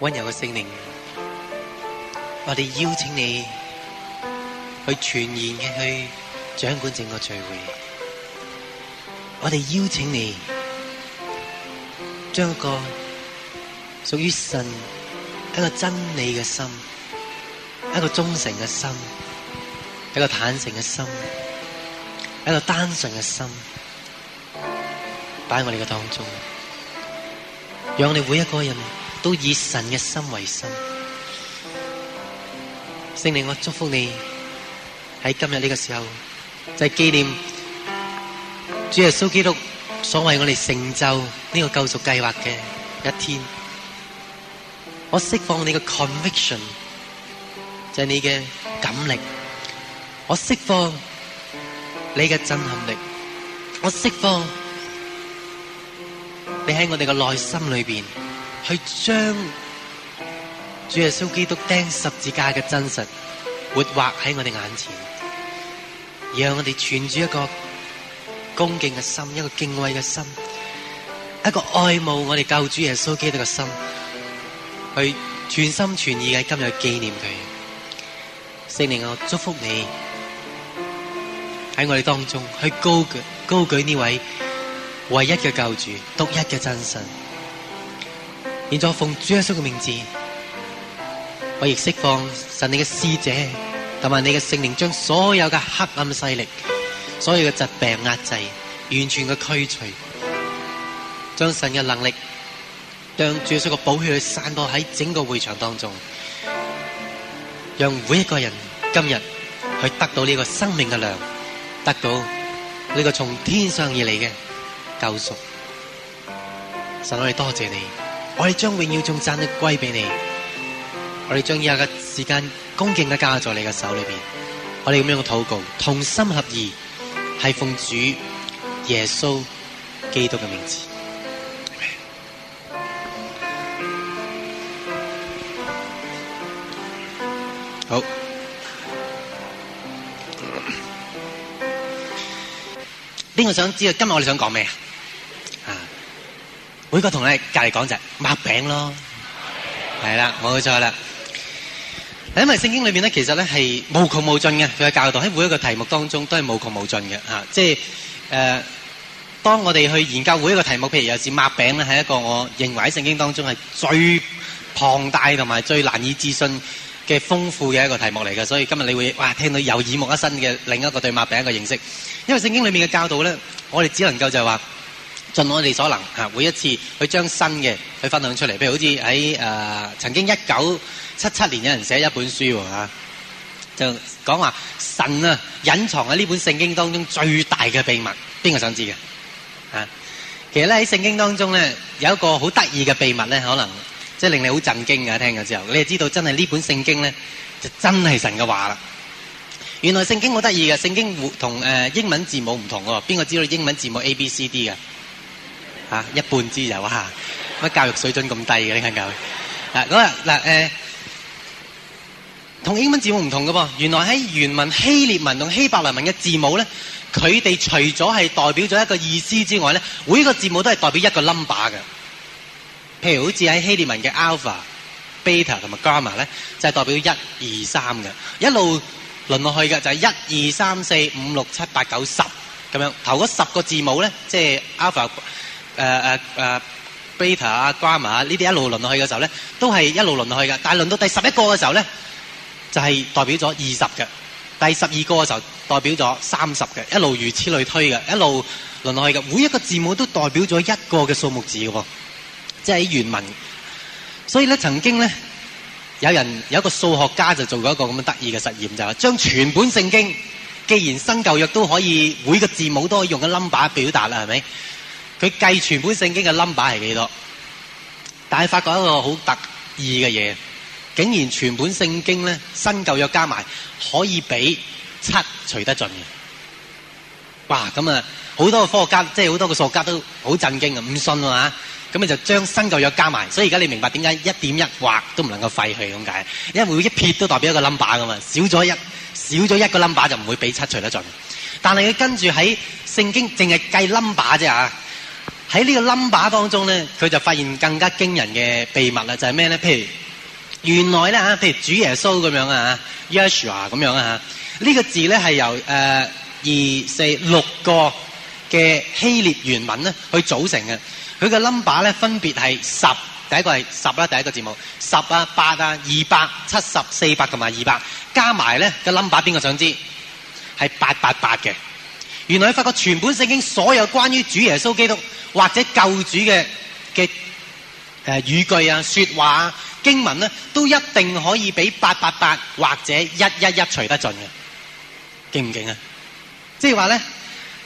溫柔嘅聖靈，我哋邀請你去全然嘅去掌管整個聚會。我哋邀請你將一個屬於神一個真理嘅心，一個忠誠嘅心，一個坦誠嘅心，一個單純嘅心擺喺我哋嘅當中，讓我哋每一個人都以神嘅心為心，聖靈，我祝福你喺今日呢個時候，就係紀念主耶穌基督所謂我哋成就呢個救贖計劃嘅一天。我釋放你嘅 conviction，就係你嘅感力；我釋放你嘅震撼力；我釋放你喺我哋嘅內心裏邊。去將主耶穌基督釘十字架嘅真實活畫喺我哋眼前，讓我哋存住一個恭敬嘅心，一個敬畏嘅心，一個愛慕我哋救主耶穌基督嘅心，去全心全意嘅今日紀念佢。聖靈，我祝福你喺我哋當中去高舉高舉呢位唯一嘅救主，獨一嘅真神。現在奉主耶穌嘅名字，我亦釋放神你嘅使者，同埋你嘅聖靈將所有嘅黑暗勢力、所有嘅疾病壓制，完全嘅驅除，將神嘅能力，讓主耶穌嘅寶血去散播喺整個會場當中，讓每一個人今日去得到呢個生命嘅糧，得到呢個從天上而嚟嘅救贖。神我哋多謝你。我哋將榮耀仲讚都歸俾你，我哋將以下嘅時間恭敬地交在你嘅手裏邊。我哋咁樣嘅禱告，同心合意，係奉主耶穌基督嘅名字。好，邊個想知道今日我哋想講咩啊？每個同你隔離講就係抹餅咯，係啦，冇錯啦。因為聖經裏面咧，其實咧係無窮無盡嘅佢嘅教導，喺每一個題目當中都係無窮無盡嘅嚇。即係誒，當我哋去研究每一個題目，譬如有時抹餅咧，係一個我認為喺聖經當中係最龐大同埋最難以置信嘅豐富嘅一個題目嚟嘅。所以今日你會哇聽到有耳目一新嘅另一個對抹餅嘅認識。因為聖經裏面嘅教導咧，我哋只能夠就係話，盡我哋所能，每一次去將新嘅去分享出嚟，譬如好似喺、呃、曾經一九七七年有人寫一本書喎、嚇、就講話神啊隱藏喺呢本聖經當中最大嘅秘密，邊個想知嘅？嚇、啊，其實咧喺聖經當中咧有一個好得意嘅秘密咧，可能即係、就是、令你好震驚嘅。聽咗之後，你就知道真係呢本聖經咧就真係神嘅話啦。原來聖經好得意嘅，聖經同英文字母唔同喎，邊個知道英文字母 A B C D 嘅？吓、啊、一半之啊，吓，乜教育水準咁低嘅你肯教育？嗱咁啊嗱誒，同、啊啊啊啊啊、英文字母唔同嘅噃。原來喺原文希臘文同希伯來文嘅字母咧，佢哋除咗係代表咗一個意思之外咧，每個字母都係代表一個 number 嘅。譬如好似喺希臘文嘅 alpha、beta 同埋 gamma 咧，就係代表一二三嘅，一路輪落去嘅就係一二三四五六七八九十咁樣。頭嗰十個字母咧，即係 alpha。誒、uh，誒、uh，beta、啊、gamma 呢、啊、啲一路輪落去嘅時候咧，都係一路輪落去嘅。但係輪到第十一個嘅時候咧，就係、是、代表咗二十嘅；第十二個嘅時候，代表咗三十嘅，一路如此類推嘅，一路輪落去嘅。每一個字母都代表咗一個嘅數目字嘅、哦、喎，即係喺原文。所以咧，曾經咧，有人有一個數學家就做過一個咁嘅得意嘅實驗，就係將全本聖經，既然新舊約都可以，每個字母都可以用個 number 表達啦，係咪？佢計全本聖經嘅 number 係幾多？但係發覺一個好得意嘅嘢，竟然全本聖經咧，新舊約加埋可以俾七除得盡嘅。哇！咁啊，好多個科學家，即係好多個數學家都好震驚啊，唔信啊嘛。咁你就將新舊約加埋，所以而家你明白點解一點一劃都唔能夠廢去咁解？因為每一撇都代表一個 number 噶嘛，少咗一少咗一個 number 就唔會俾七除得盡。但係佢跟住喺聖經淨係計 number 啫啊！喺呢個 number 當中咧，佢就發現更加驚人嘅秘密啦！就係咩咧？譬如原來咧嚇，譬如主耶穌咁樣啊嚇，Yeshua 咁樣啊嚇，呢、這個字咧係由誒、呃、二四六個嘅希臘原文咧去組成嘅。佢嘅 number 咧分別係十，第一個係十啦，第一個字母十啊、八啊、二百七十四百同埋二百加埋咧個 number，邊個想知係八八八嘅？原來你發覺全本聖經所有關於主耶穌基督或者救主嘅嘅誒語句啊、說話啊、經文咧，都一定可以俾八八八或者一一一除得盡嘅，勁唔勁啊？即係話咧，誒、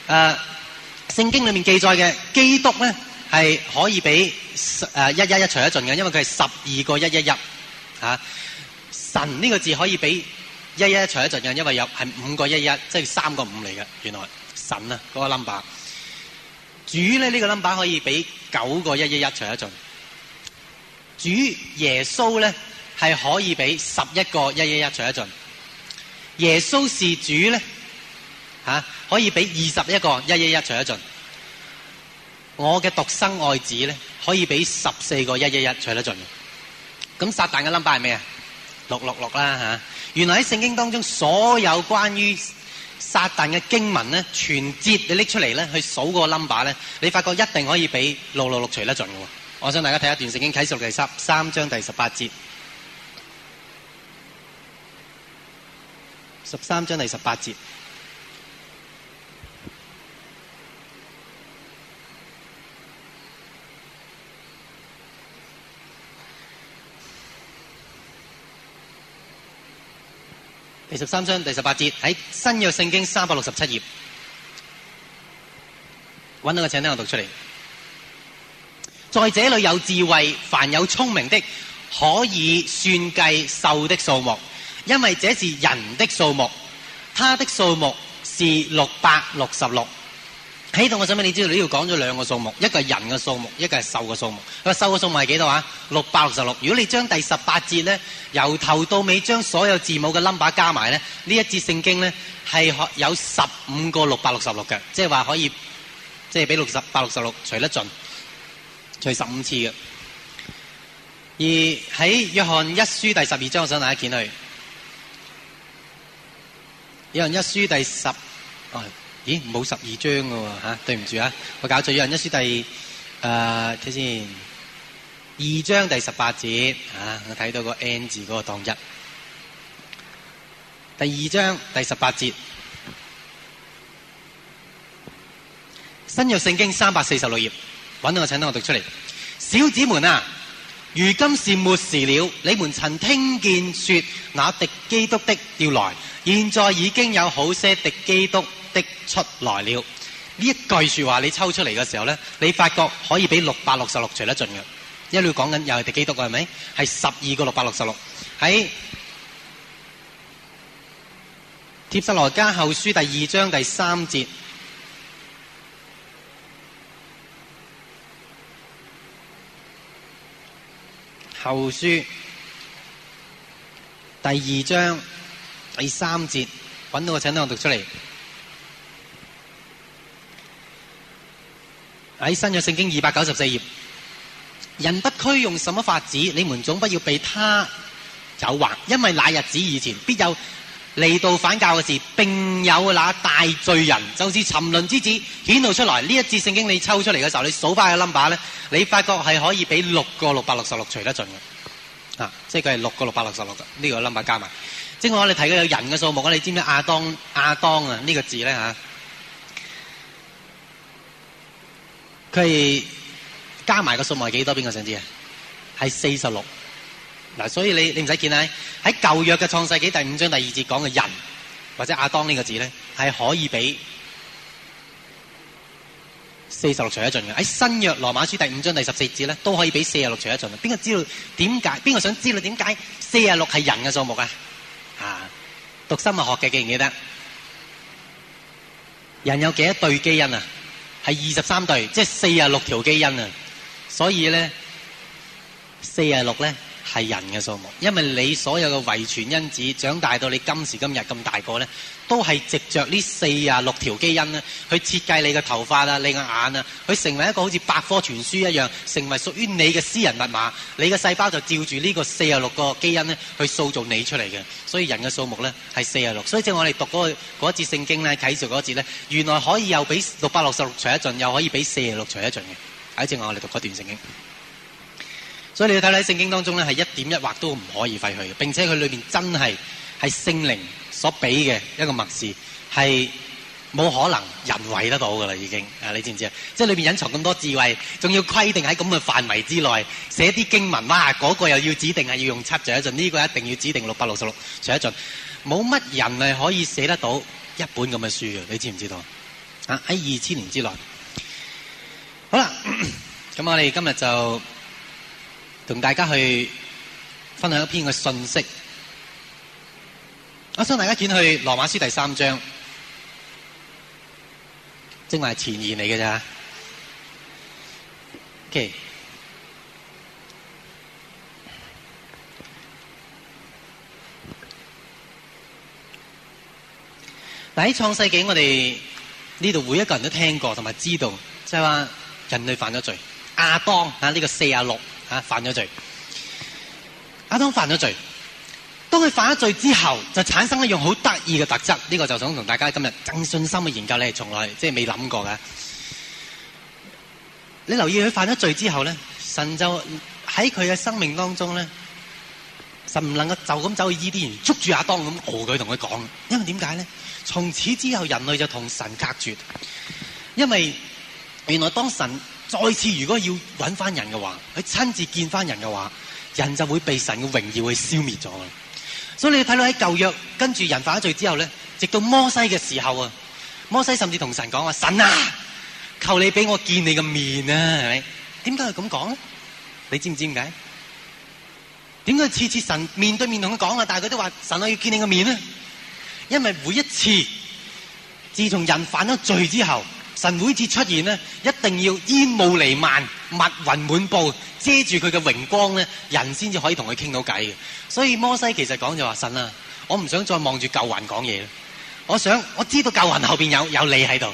呃，聖經裏面記載嘅基督咧係可以俾誒一一一除得盡嘅，因為佢係十二個一一一啊。神呢個字可以俾一一一除得盡嘅，因為有係五個一一，即係三個五嚟嘅。原來。神啊，嗰、那個 number 主咧呢、這個 number 可以俾九個一一一除得盡，主耶穌咧係可以俾十一個一一一除得盡，耶穌是主咧吓、啊、可以俾二十一個一一一除得盡，我嘅獨生愛子咧可以俾十四個一一一除得盡，咁撒旦嘅 number 係咩啊？六六六啦、啊、吓、啊，原來喺聖經當中所有關於撒旦嘅經文呢，全節你拎出嚟呢，去數個個 number 你發覺一定可以俾六六六除得盡的我想大家睇一段聖經啟示錄第十三章第十八節，十三章第十八節。第十三章第十八節喺新約聖經三百六十七頁，搵到個請聽我讀出嚟。在這裏有智慧，凡有聰明的，可以算計獸的數目，因為這是人的數目，他的數目是六百六十六。喺度我想問你知道，你要講咗兩個數目，一個係人嘅數目，一個係獸嘅數目。咁啊，獸嘅數目係幾多啊？六百六十六。如果你將第十八節咧由頭到尾將所有字母嘅 number 加埋咧，呢一節聖經咧係有十五個六百六十六嘅，即係話可以即係俾六百六十六除得盡，除十五次嘅。而喺約翰一書第十二章，我想大家見佢。約翰一書第十，啊、哦。咦，冇十二章嘅喎嚇，對唔住啊，我搞錯咗。約翰一書第誒，睇先，二章第十八節，我睇到個 N 字嗰個當一。第二章第十八節，新約聖經三百四十六頁，揾到個請單我讀出嚟，小子們啊！如今是末時了，你們曾聽見說那敵基督的要來，現在已經有好些敵基督的出來了。呢一句說話你抽出嚟嘅時候呢，你發覺可以畀六百六十六除得盡一，因為講緊又係敵基督係咪？係十二個六百六十六，喺帖撒羅尼迦後書第二章第三節。舊書第二章第三節，揾到個請等我讀出嚟，喺新約聖經二百九十四頁，人不拘用什麼法子，你們總不要被他誘惑，因為那日子以前必有。嚟到反教嘅事，並有那大罪人，就似、是、沉淪之子顯露出來。呢一節聖經你抽出嚟嘅時候，你數翻個 number 咧，你發覺係可以俾六個六百六十六除得盡嘅。啊，即係佢係六個六百六十六呢個 number 加埋。即係我哋睇到有人嘅數目啊，你知唔知亞當亞當啊呢個字咧佢、啊、加埋個數目係幾多？邊個想知啊？係四十六。嗱，所以你你唔使見啦，喺舊約嘅創世紀第五章第二節講嘅人或者亞當呢個字咧，係可以俾四十六除一盡嘅。喺新約羅馬書第五章第十四節咧都可以俾四十六除一盡嘅。邊個知道點解？邊個想知道點解四十六係人嘅數目啊？啊，讀生物學嘅記唔記得？人有幾多對基因啊？係二十三對，即係四十六條基因啊！所以咧，四十六咧。係人嘅數目，因為你所有嘅遺傳因子長大到你今時今日咁大個呢，都係藉着呢四十六條基因咧，去設計你嘅頭髮啦、你嘅眼啊，去成為一個好似百科全書一樣，成為屬於你嘅私人密碼。你嘅細胞就照住呢個四十六個基因咧，去塑造你出嚟嘅。所以人嘅數目呢係四十六。所以正係我哋讀嗰個嗰一節聖經咧，啟示嗰節咧，原來可以又俾六百六十六除一盡，又可以俾四十六除一盡嘅。喺正我哋讀嗰段聖經。所以你要睇喺《聖經》當中咧，係一點一畫都唔可以廢去嘅。並且佢裏面真係係聖靈所俾嘅一個默示，係冇可能人為得到噶啦，已經啊，你知唔知啊？即係裏面隱藏咁多智慧，仲要規定喺咁嘅範圍之內寫啲經文。哇、啊，嗰、那個又要指定係要用七寫一陣，呢、這個一定要指定六百六十六寫一陣。冇乜人係可以寫得到一本咁嘅書嘅，你知唔知道啊？喺二千年之內。好啦，咁我哋今日就～同大家去分享一篇嘅信息，我想大家轉去羅馬書第三章，正話係前言嚟嘅咋？OK，喺創世紀我哋呢度每一個人都聽過同埋知道，即係話人類犯咗罪，亞當啊呢、這個四啊六。啊！犯咗罪，阿當犯咗罪。當佢犯咗罪之後，就產生了一種好得意嘅特質。呢、這個就想同大家今日正信心嘅研究，你係從來即係未諗過嘅。你留意佢犯咗罪之後咧，神就喺佢嘅生命當中咧，神唔能夠就咁走去伊甸園捉住阿當咁，何佢同佢講？因為點解咧？從此之後，人類就同神隔絕。因為原來當神。再次如果要揾翻人嘅話，佢親自見翻人嘅話，人就會被神嘅榮耀去消滅咗。所以你睇到喺舊約跟住人犯咗罪之後咧，直到摩西嘅時候啊，摩西甚至同神講話，神啊，求你俾我見你個面啊，係咪？點解佢咁講咧？你知唔知點解？點解次次神面對面同佢講啊，但係佢都話神我要見你個面啊，因為每一次自從人犯咗罪之後。神每次出現呢，一定要煙霧瀰漫、密雲滿布，遮住佢嘅榮光咧，人先至可以同佢傾到偈嘅。所以摩西其實講就話神啦、啊，我唔想再望住舊雲講嘢，我想我知道舊雲後面有有你喺度。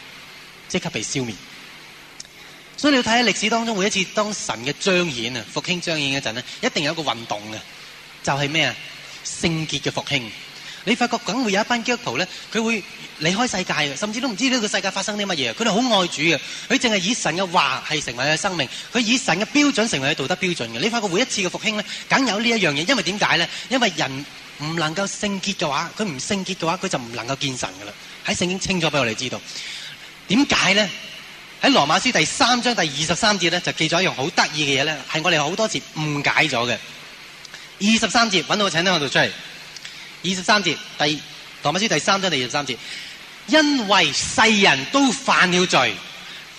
即刻被消滅，所以你要睇下歷史當中，每一次當神嘅彰顯啊，復興彰顯嗰陣呢，一定有一個運動嘅，就係咩啊？聖潔嘅復興。你發覺梗會有一班基督徒咧，佢會離開世界嘅，甚至都唔知呢個世界發生啲乜嘢。佢哋好愛主嘅，佢淨係以神嘅話係成為佢嘅生命，佢以神嘅標準成為佢道德標準嘅。你發覺每一次嘅復興呢，梗有呢一樣嘢，因為點解呢？因為人唔能夠聖潔嘅話，佢唔聖潔嘅話，佢就唔能夠見神噶啦。喺聖經清咗俾我哋知道。點解咧？喺《羅馬書》第三章第二十三節咧，就記咗一樣好得意嘅嘢咧，係我哋好多次誤解咗嘅。二十三節，揾到我請聽我讀出嚟。二十三節，第《羅馬書》第三章第二十三節，因為世人都犯了罪，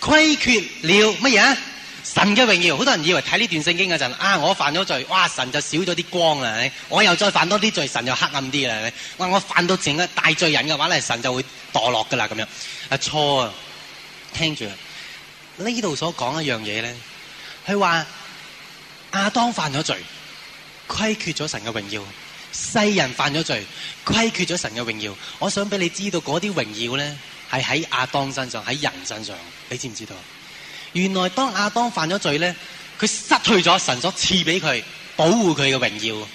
虧缺了乜嘢？神嘅榮耀，好多人以為睇呢段聖經嗰陣，啊我犯咗罪，哇神就少咗啲光啦，我又再犯多啲罪，神就黑暗啲啦。我我犯到成個大罪人嘅話咧，神就會墮落噶啦咁樣。啊錯啊，聽住啊，呢度所講一樣嘢咧，佢話亞當犯咗罪，虧缺咗神嘅榮耀；世人犯咗罪，虧缺咗神嘅榮耀。我想俾你知道嗰啲榮耀咧，係喺亞當身上，喺人身上，你知唔知道？原來當亞當犯咗罪咧，佢失去咗神所賜俾佢保護佢嘅榮耀，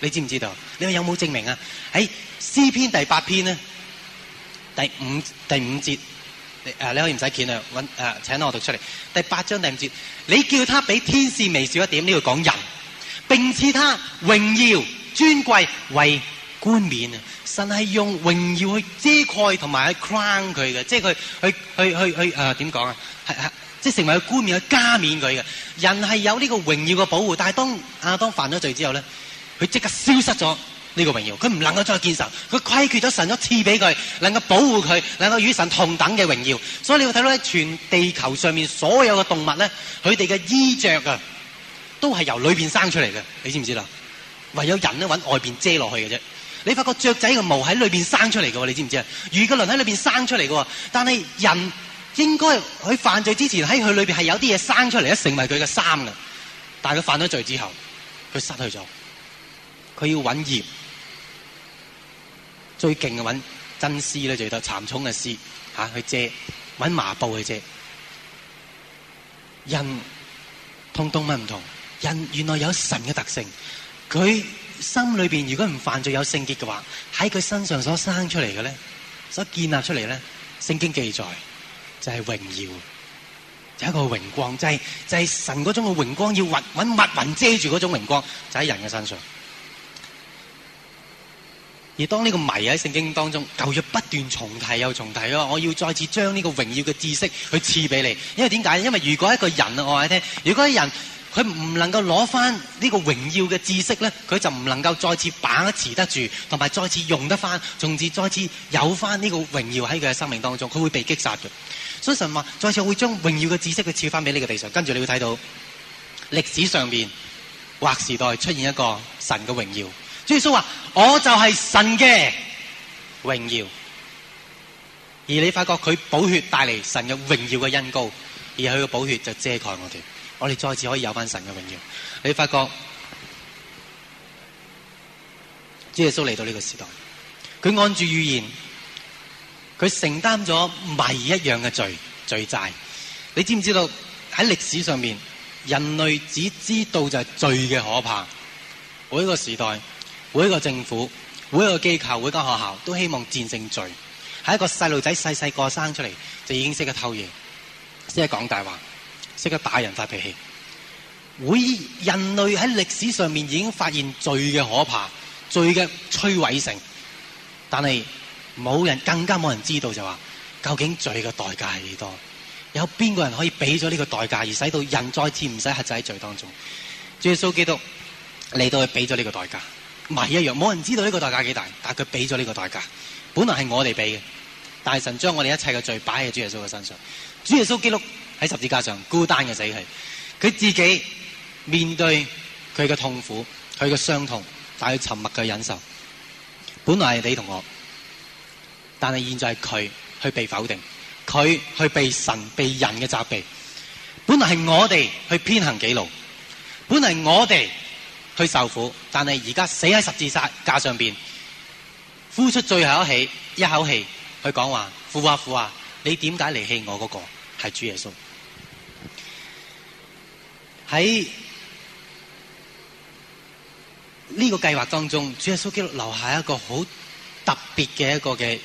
你知唔知道？你話有冇證明啊？喺詩篇第八篇咧，第五第五節，誒你可以唔使見啊，搵誒請我讀出嚟。第八章第五節，你叫他俾天使微小一點，呢度講人，並賜他榮耀尊貴為冠冕啊！神係用榮耀去遮蓋同埋去 crown 佢嘅，即係佢去去去去誒點講啊？係係。即成為佢冠冕，佢加冕佢嘅人係有呢個榮耀嘅保護，但係當亞當犯咗罪之後咧，佢即刻消失咗呢個榮耀，佢唔能夠再見神，佢規決咗神都賜俾佢能夠保護佢、能夠與神同等嘅榮耀。所以你會睇到咧，全地球上面所有嘅動物咧，佢哋嘅衣着啊，都係由裏面生出嚟嘅，你知唔知啦？唯有人咧揾外面遮落去嘅啫。你發覺雀仔嘅毛喺裏面生出嚟嘅，你知唔知啊？魚嘅鱗喺裏邊生出嚟嘅，但係人。應該喺犯罪之前喺佢裏邊係有啲嘢，生出嚟，一成為佢嘅衫嘅。但係佢犯咗罪之後，佢失去咗。佢要揾葉，最勁嘅揾真絲咧，就得、是、蠶蟲嘅絲吓去遮，揾麻布去遮。人同動物唔同，人原來有神嘅特性。佢心裏邊如果唔犯罪有聖潔嘅話，喺佢身上所生出嚟嘅咧，所建立出嚟咧，聖經記載。就係、是、榮耀，就是、一個榮光，就係、是、就係、是、神嗰種嘅榮光，要雲搵密雲遮住嗰種榮光，就喺、是、人嘅身上。而當呢個迷喺聖經當中，舊約不斷重提又重提咯。我要再次將呢個榮耀嘅知識去賜俾你，因為點解？因為如果一個人我話你聽，如果一個人佢唔能夠攞翻呢個榮耀嘅知識咧，佢就唔能夠再次把持得住，同埋再次用得翻，從此再次有翻呢個榮耀喺佢嘅生命當中，佢會被擊殺嘅。所以神話再次會將榮耀嘅知識佢賜翻俾呢個地上，跟住你會睇到歷史上面劃時代出現一個神嘅榮耀。主耶穌話：我就係神嘅榮耀，而你發覺佢補血帶嚟神嘅榮耀嘅恩膏，而佢嘅補血就遮蓋我哋，我哋再次可以有翻神嘅榮耀。你發覺主耶穌嚟到呢個時代，佢按住預言。佢承擔咗迷一樣嘅罪罪債，你知唔知道喺歷史上面人類只知道就係罪嘅可怕。每一個時代、每一個政府、每一個機構、每間學校都希望戰勝罪。喺一個細路仔細細個生出嚟就已經識得偷嘢，識得講大話，識得打人發脾氣。會人類喺歷史上面已經發現罪嘅可怕、罪嘅摧毀性，但係。冇人更加冇人知道就話究竟罪嘅代價係幾多？有邊個人可以俾咗呢個代價而使到人再次唔使核仔喺罪當中？主耶穌基督嚟到去俾咗呢個代價，唔係一樣冇人知道呢個代價幾大，但係佢俾咗呢個代價。本來係我哋俾嘅，但神將我哋一切嘅罪擺喺主耶穌嘅身上。主耶穌基督喺十字架上孤單嘅死去，佢自己面對佢嘅痛苦、佢嘅傷痛，但佢沉默嘅忍受。本來係你同我。但係現在係佢去被否定，佢去被神、被人嘅責備。本來係我哋去偏行己路，本來是我哋去受苦，但係而家死喺十字架架上邊，呼出最後一口氣，一口氣去講話：，父啊父啊，你點解離棄我那？嗰個係主耶穌。喺呢個計劃當中，主耶穌留留下一個好特別嘅一個嘅。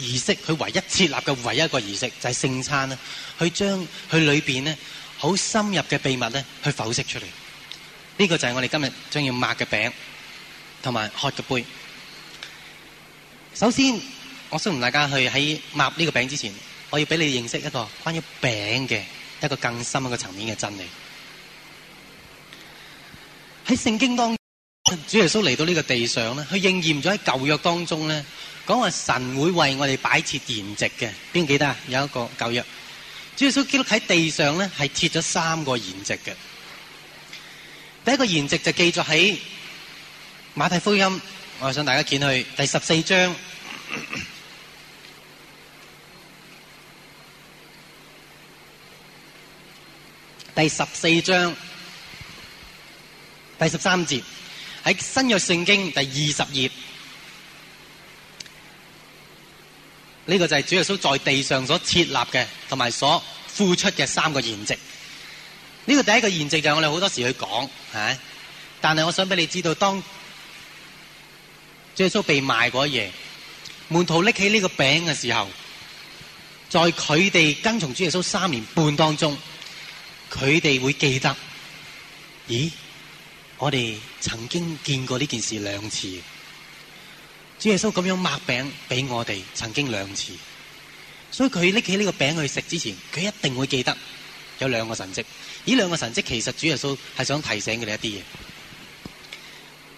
儀式，佢唯一設立嘅唯一一個儀式就係聖餐啦，佢將佢裏邊呢好深入嘅秘密呢去剖析出嚟，呢個就係我哋今日將要擘嘅餅同埋喝嘅杯。首先，我想同大家去喺擘呢個餅之前，我要俾你認識一個關於餅嘅一個更深一個層面嘅真理。喺聖經當中主耶穌嚟到呢個地上咧，佢應驗咗喺舊約當中咧。講話神會為我哋擺設筵席嘅，邊記得啊？有一個舊約，耶穌基督喺地上咧，係設咗三個筵席嘅。第一個筵席就記載喺馬太福音，我想大家見去第十四章，第十四章，第十三節喺新約聖經第二十頁。呢、這個就係主耶穌在地上所設立嘅，同埋所付出嘅三個筵席。呢、這個第一個筵席就係我哋好多時去講，但係我想俾你知道，當主耶穌被賣嗰夜，門徒拎起呢個餅嘅時候，在佢哋跟從主耶穌三年半當中，佢哋會記得，咦，我哋曾經見過呢件事兩次。主耶穌咁樣抹餅擘餅俾我哋，曾經兩次，所以佢拎起呢個餅去食之前，佢一定會記得有兩個神跡。呢兩個神跡其實主耶穌係想提醒佢哋一啲嘢。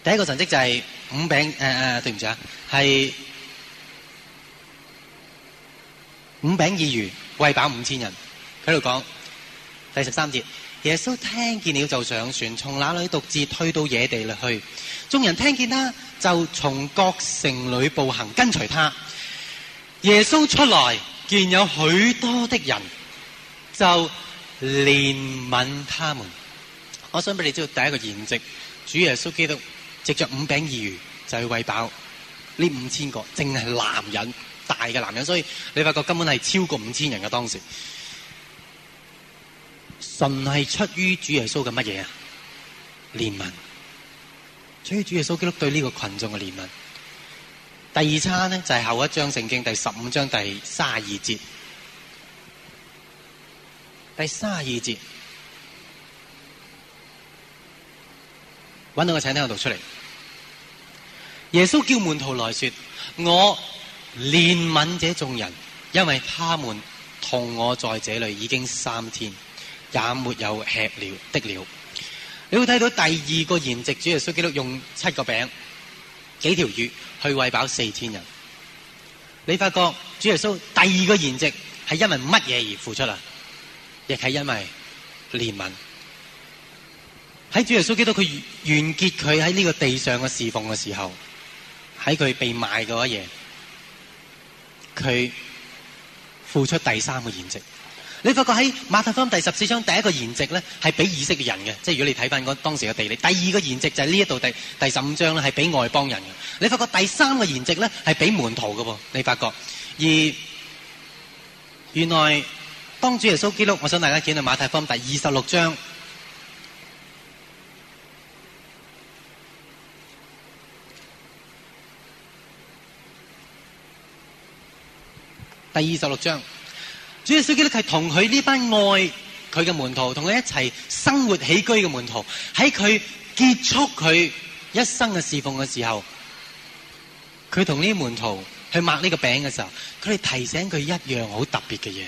第一個神跡就係五餅誒誒、呃，對唔住啊，係五餅二魚餵飽五千人。喺度講第十三節，耶穌聽見了就上船，從那裏獨自退到野地裏去。眾人聽見啦。就從各城裏步行跟隨他。耶穌出來見有許多的人，就憐憫他們。我想俾你知道第一個筵席，主耶穌基督藉着五餅二魚就去餵飽呢五千個，淨係男人，大嘅男人，所以你發覺根本係超過五千人嘅，當時，純係出於主耶穌嘅乜嘢啊？憐憫。所以主耶穌基督對呢個群眾嘅憐憫，第二餐咧，就係、是、後一章聖經第十五章第三十二節，第三十二節，搵到個，請聽我讀出嚟。耶穌叫門徒來說：我憐憫這眾人，因為他們同我在這裏已經三天，也沒有吃了的了。你會睇到第二個筵席，主耶穌基督用七個餅、幾條魚去餵飽四千人。你發覺主耶穌第二個筵席係因為乜嘢而付出啊？亦係因為憐憫。喺主耶穌基督佢完結佢喺呢個地上的侍奉的時候，喺佢被賣嗰一夜，佢付出第三個筵席。你發覺喺馬太福音第十四章第一個筵席咧，係俾以色列嘅人嘅，即係如果你睇翻嗰當時嘅地理。第二個筵席就係呢一度第第十五章咧，係俾外邦人嘅。你發覺第三個筵席咧，係俾門徒嘅噃。你發覺而原來當主耶穌記錄，我想大家見到馬太福音第二十六章，第二十六章。耶穌基督係同佢呢班愛佢嘅門徒，同佢一齊生活起居嘅門徒，喺佢結束佢一生嘅侍奉嘅時候，佢同呢啲門徒去擘呢個餅嘅時候，佢哋提醒佢一樣好特別嘅嘢，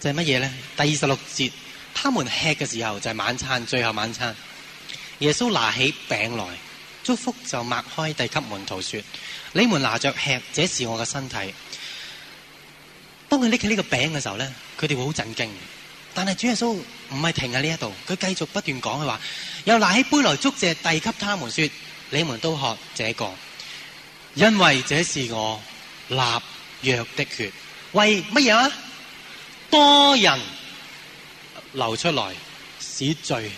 就係乜嘢咧？第二十六節，他們吃嘅時候就係、是、晚餐，最後晚餐，耶穌拿起餅來，祝福就擘開，遞給門徒說：你們拿着吃，這是我嘅身體。當佢拎起呢個餅嘅時候咧，佢哋會好震驚。但係主耶穌唔係停喺呢一度，佢繼續不斷講佢話，又拿起杯來祝謝遞給他們說：你們都喝這個，因為這是我立約的血。喂，乜嘢啊？多人流出來，使罪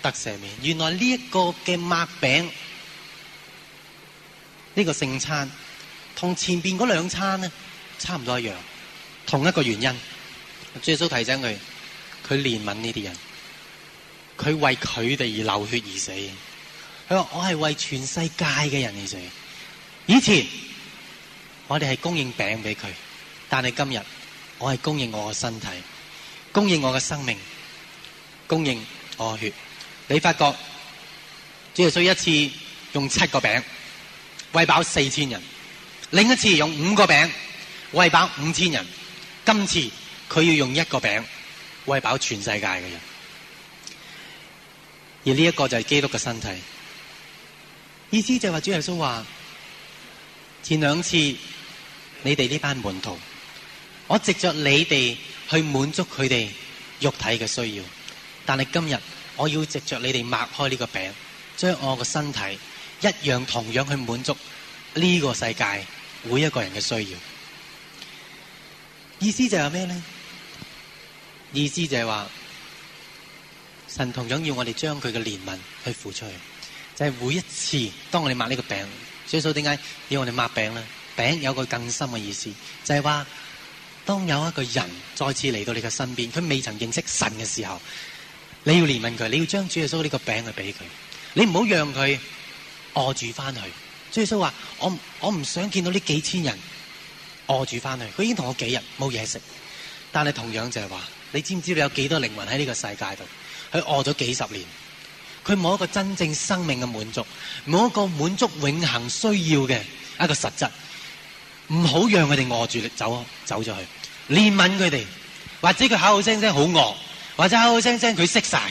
得赦免。原來呢一個嘅麥餅，呢、這個聖餐，同前邊嗰兩餐咧，差唔多一樣。同一個原因，耶穌提醒佢，佢憐憫呢啲人，佢為佢哋而流血而死。佢話我係為全世界嘅人而死。以前我哋係供應餅俾佢，但係今日我係供應我嘅身體，供應我嘅生命，供應我血。你發覺，耶穌一次用七個餅喂飽四千人，另一次用五個餅喂飽五千人。今次佢要用一個餅餵飽全世界嘅人，而呢一個就係基督嘅身體。意思就係話，主耶穌話：前兩次你哋呢班門徒，我藉着你哋去滿足佢哋肉體嘅需要，但係今日我要藉着你哋擘開呢個餅，將我嘅身體一樣同樣去滿足呢個世界每一個人嘅需要。意思就係咩咧？意思就係話神同樣要我哋將佢嘅憐憫去付出去，就係、是、每一次當我哋抹呢個餅，主耶穌點解要我哋抹餅咧？餅有個更深嘅意思，就係、是、話當有一個人再次嚟到你嘅身邊，佢未曾認識神嘅時候，你要憐憫佢，你要將主耶穌呢個餅去俾佢，你唔好讓佢餓住翻去。主耶穌話：我我唔想見到呢幾千人。餓住翻去，佢已經同我幾日冇嘢食。但係同樣就係話，你知唔知你有幾多靈魂喺呢個世界度？佢餓咗幾十年，佢冇一個真正生命嘅滿足，冇一個滿足永恆需要嘅一個實質。唔好讓佢哋餓住走，走咗去憐憫佢哋，或者佢口口聲聲好餓，或者口口聲聲佢識晒，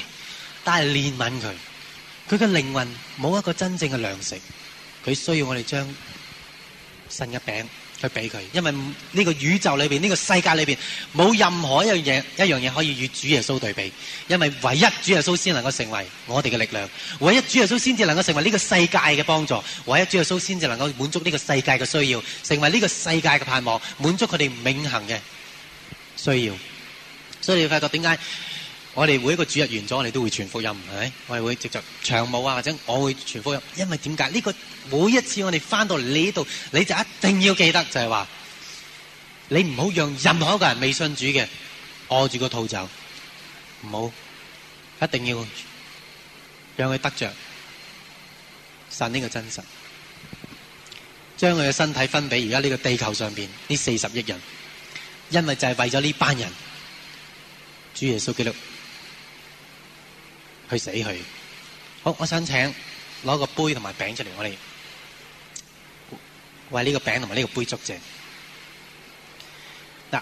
但係憐憫佢，佢嘅靈魂冇一個真正嘅糧食，佢需要我哋將神嘅餅。去俾佢，因為呢個宇宙裏面，呢個世界裏邊，冇任何一樣嘢，一樣嘢可以與主耶穌對比。因為唯一主耶穌先能夠成為我哋嘅力量，唯一主耶穌先至能夠成為呢個世界嘅幫助，唯一主耶穌先至能夠滿足呢個世界嘅需要，成為呢個世界嘅盼望，滿足佢哋永恆嘅需要。所以你要發覺點解？我哋每一個主日完咗，我哋都會傳福音，係咪？我哋會直接長舞啊，或者我會傳福音，因為點解呢個每一次我哋翻到嚟呢度，你就一定要記得就係話，你唔好讓任何一個人未信主嘅餓住個肚走，唔好，一定要讓佢得著神呢個真實，將佢嘅身體分俾而家呢個地球上邊呢四十億人，因為就係為咗呢班人，主耶穌基督。去死去，好，我想請攞個杯同埋餅出嚟，我哋為呢個餅同埋呢個杯祝聖。嗱，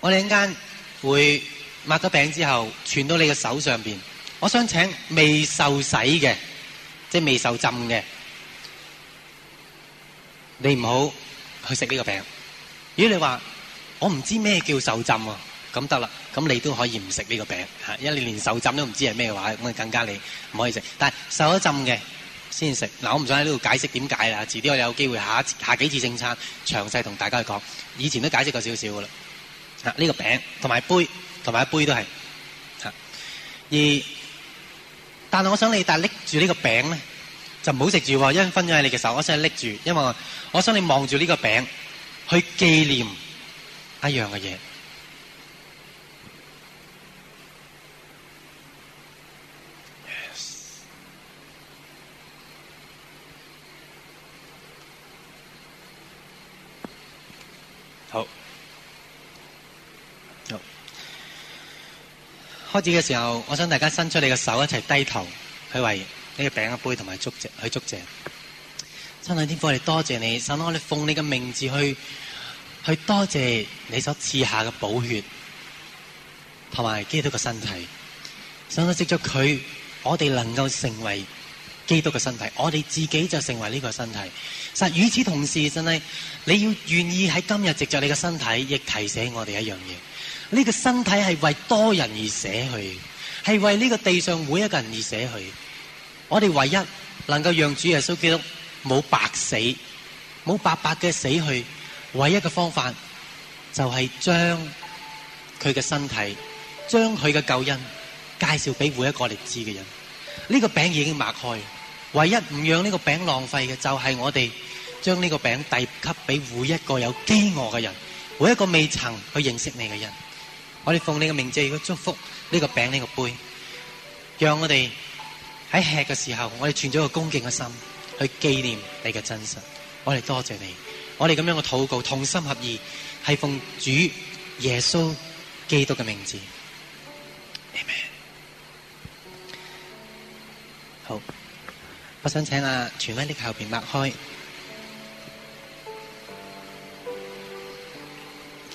我哋陣間會抹咗餅之後，傳到你嘅手上邊。我想請未受洗嘅，即係未受浸嘅，你唔好去食呢個餅。如果你話我唔知咩叫受浸啊？咁得啦，咁你都可以唔食呢個餅嚇，因為你連受浸都唔知係咩話，咁你更加你唔可以食。但係受咗浸嘅先食。嗱，我唔想喺呢度解釋點解啦，遲啲我有機會下一下幾次正餐詳細同大家去講。以前都解釋過少少噶啦，嗱呢個餅同埋杯同埋杯都係嚇，而但係我想你，但係拎住呢個餅咧就唔好食住，因為分咗喺你嘅手，我想你拎住，因為我我想你望住呢個餅去紀念一樣嘅嘢。開始嘅時候，我想大家伸出你嘅手，一齊低頭去為呢個餅一杯同埋祝謝去祝謝。親愛的天父，我哋多謝你，使到我哋奉你嘅名字去去多謝你所賜下嘅寶血，同埋基督嘅身體。使到藉咗佢，我哋能夠成為基督嘅身體，我哋自己就成為呢個身體。但與此同時，真係你要願意喺今日藉着你嘅身體，亦提醒我哋一樣嘢。呢、這個身體係為多人而捨去，係為呢個地上每一個人而捨去。我哋唯一能夠讓主耶穌基督冇白死、冇白白嘅死去，唯一嘅方法就係將佢嘅身體、將佢嘅救恩介紹俾每一個靈知嘅人。呢、這個餅已經擘開，唯一唔讓呢個餅浪費嘅，就係我哋將呢個餅遞給俾每一個有飢餓嘅人，每一個未曾去認識你嘅人。我哋奉你嘅名字，如果祝福呢個餅呢、呢個杯，讓我哋喺吃嘅時候，我哋存咗個恭敬嘅心去紀念你嘅真實。我哋多謝你，我哋咁樣嘅禱告，同心合意，係奉主耶穌基督嘅名字。阿門。好，我想請阿、啊、全喺你後邊擘開，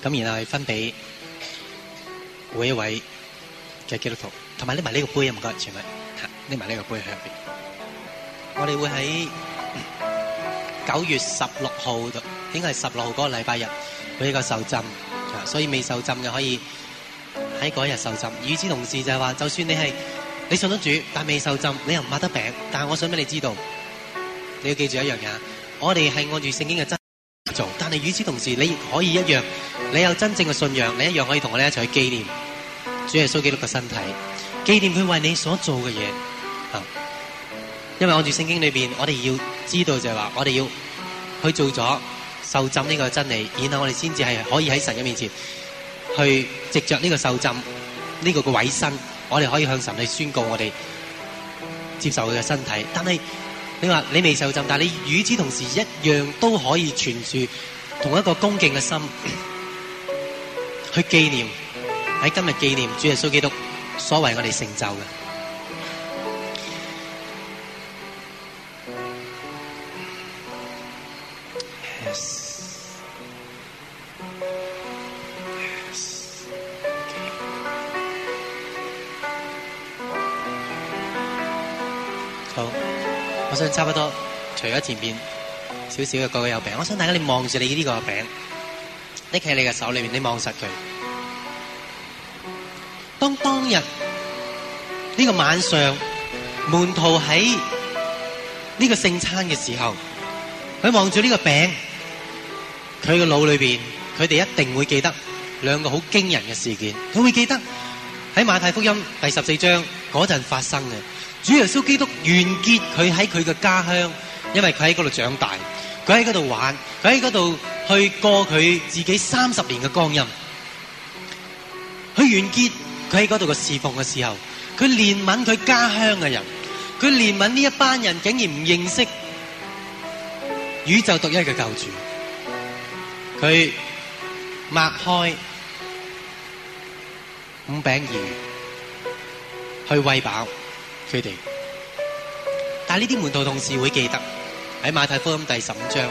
咁然後去分俾。每一位嘅基督徒，同埋拎埋呢個杯啊，唔該，全吓拎埋呢個杯去入邊。 我哋會喺九月十六號度，應該係十六號嗰個禮拜日，會呢個受浸。啊，所以未受浸嘅可以喺嗰日受浸。與此同時就係話，就算你係你信得主，但未受浸，你又唔擘得餅。但係我想俾你知道，你要記住一樣嘢，我哋係按住聖經嘅但係，與此同時，你可以一樣，你有真正嘅信仰，你一樣可以同我哋一齊去紀念主耶穌基督嘅身體，紀念佢為你所做嘅嘢啊！因為按住聖經裏面，我哋要知道就係話，我哋要去做咗受浸呢個真理，然後我哋先至係可以喺神嘅面前去藉著呢個受浸呢個嘅委身，我哋可以向神去宣告我哋接受佢嘅身體，但係，你話你未受浸，但你與此同時一樣都可以存住同一個恭敬嘅心，去紀念喺今日紀念主耶穌基督所為我哋成就嘅。差不多，除咗前面少少嘅，個個有餅，我想大家你望住你呢個餅，搦喺你嘅手裏邊，你望實佢。當當日呢個晚上，門徒喺呢個聖餐嘅時候，佢望住呢個餅，佢嘅腦裏邊，佢哋一定會記得兩個好驚人嘅事件，佢會記得喺馬太福音第十四章嗰陣發生嘅，主耶穌基督。完結佢喺佢嘅家鄉，因為佢喺嗰度長大，佢喺嗰度玩，佢喺嗰度去過佢自己三十年嘅光陰。佢完結佢喺嗰度嘅侍奉嘅時候，佢憐憫佢家鄉嘅人，佢憐憫呢一班人竟然唔認識宇宙獨一嘅救主。佢擘開五餅二魚去餵飽佢哋。但係呢啲門徒同事會記得喺馬太福音第十五章，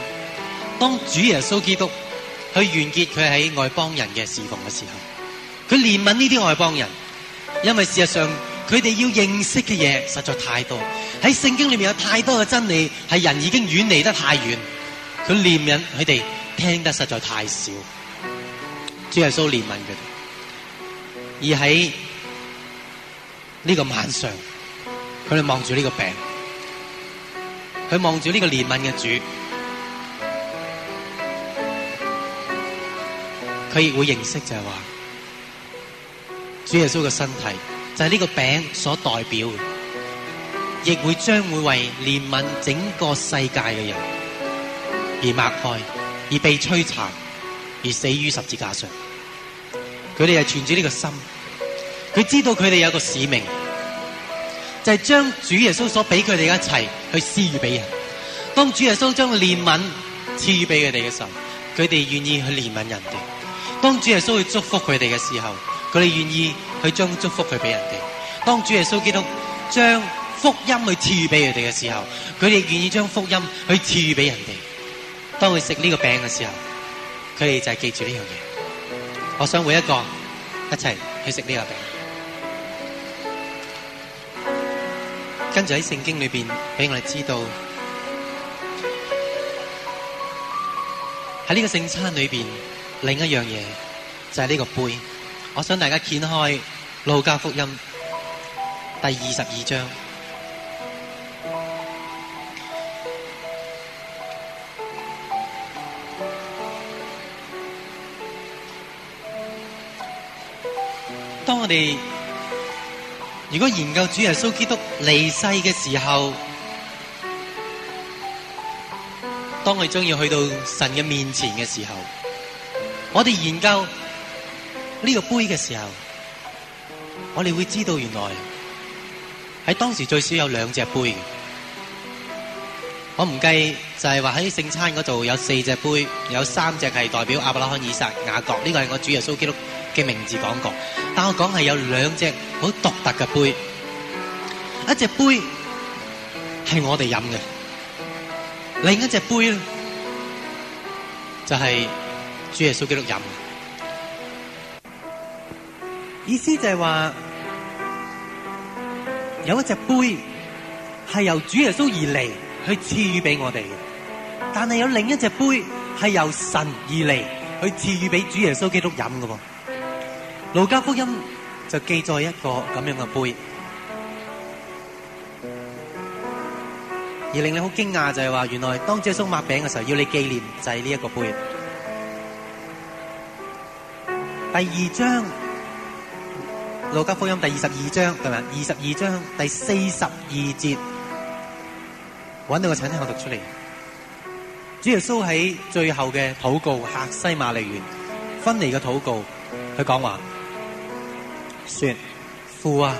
當主耶穌基督去完結佢喺外邦人嘅侍奉嘅時候，佢憐憫呢啲外邦人，因為事實上佢哋要認識嘅嘢實在太多，喺聖經裏面有太多嘅真理，係人已經遠離得太遠，佢憐憫佢哋聽得實在太少，主耶穌憐憫佢哋，而喺呢個晚上，佢哋望住呢個餅。佢望住呢個憐憫嘅主，佢亦會認識就係話，主耶穌嘅身體就係呢個餅所代表嘅，亦會將會為憐憫整個世界嘅人而擘開，而被摧殘，而死於十字架上。佢哋係存住呢個心，佢知道佢哋有個使命，就係將主耶穌所俾佢哋一齊去施予俾人。當主耶穌將憐憫賜予俾佢哋嘅時候，佢哋願意去憐憫人哋。當主耶穌去祝福佢哋嘅時候，佢哋願意去將祝福佢俾人哋。當主耶穌基督將福音去賜予俾佢哋嘅時候，佢哋願意將福音去賜予俾人哋。當佢食呢個餅嘅時候，佢哋就係記住呢樣嘢。我想每一個一齊去食呢個餅。跟住喺聖經裏邊俾我哋知道，喺呢個聖餐裏邊另一樣嘢就係呢個杯。我想大家揭開路加福音第二十二章。當我哋如果研究主耶穌基督離世嘅時候，當佢鍾意，去到神嘅面前嘅時候，我哋研究呢個杯嘅時候，我哋會知道原來喺當時最少有兩隻杯。我唔計就係話喺聖餐嗰度有四隻杯，有三隻係代表亞伯拉罕、以撒、雅各，呢個係我主耶穌基督。嘅名字講過，但我講係有兩隻好獨特嘅杯，一隻杯係我哋飲嘅，另一隻杯呢就係主耶穌基督飲嘅。意思就係話有一隻杯係由主耶穌而嚟去賜予俾我哋嘅，但係有另一隻杯係由神而嚟去賜予俾主耶穌基督飲嘅喎。路加福音就記載一個咁樣嘅杯，而令你好驚訝就係話，原來當耶穌擘餅嘅時候，要你紀念就係呢一個杯。第二章路加福音第二十二章，同埋二十二章第四十二節，揾到個請聽我讀出嚟。主耶穌喺最後嘅禱告，客西馬尼園，分離嘅禱告，佢講話。說父啊，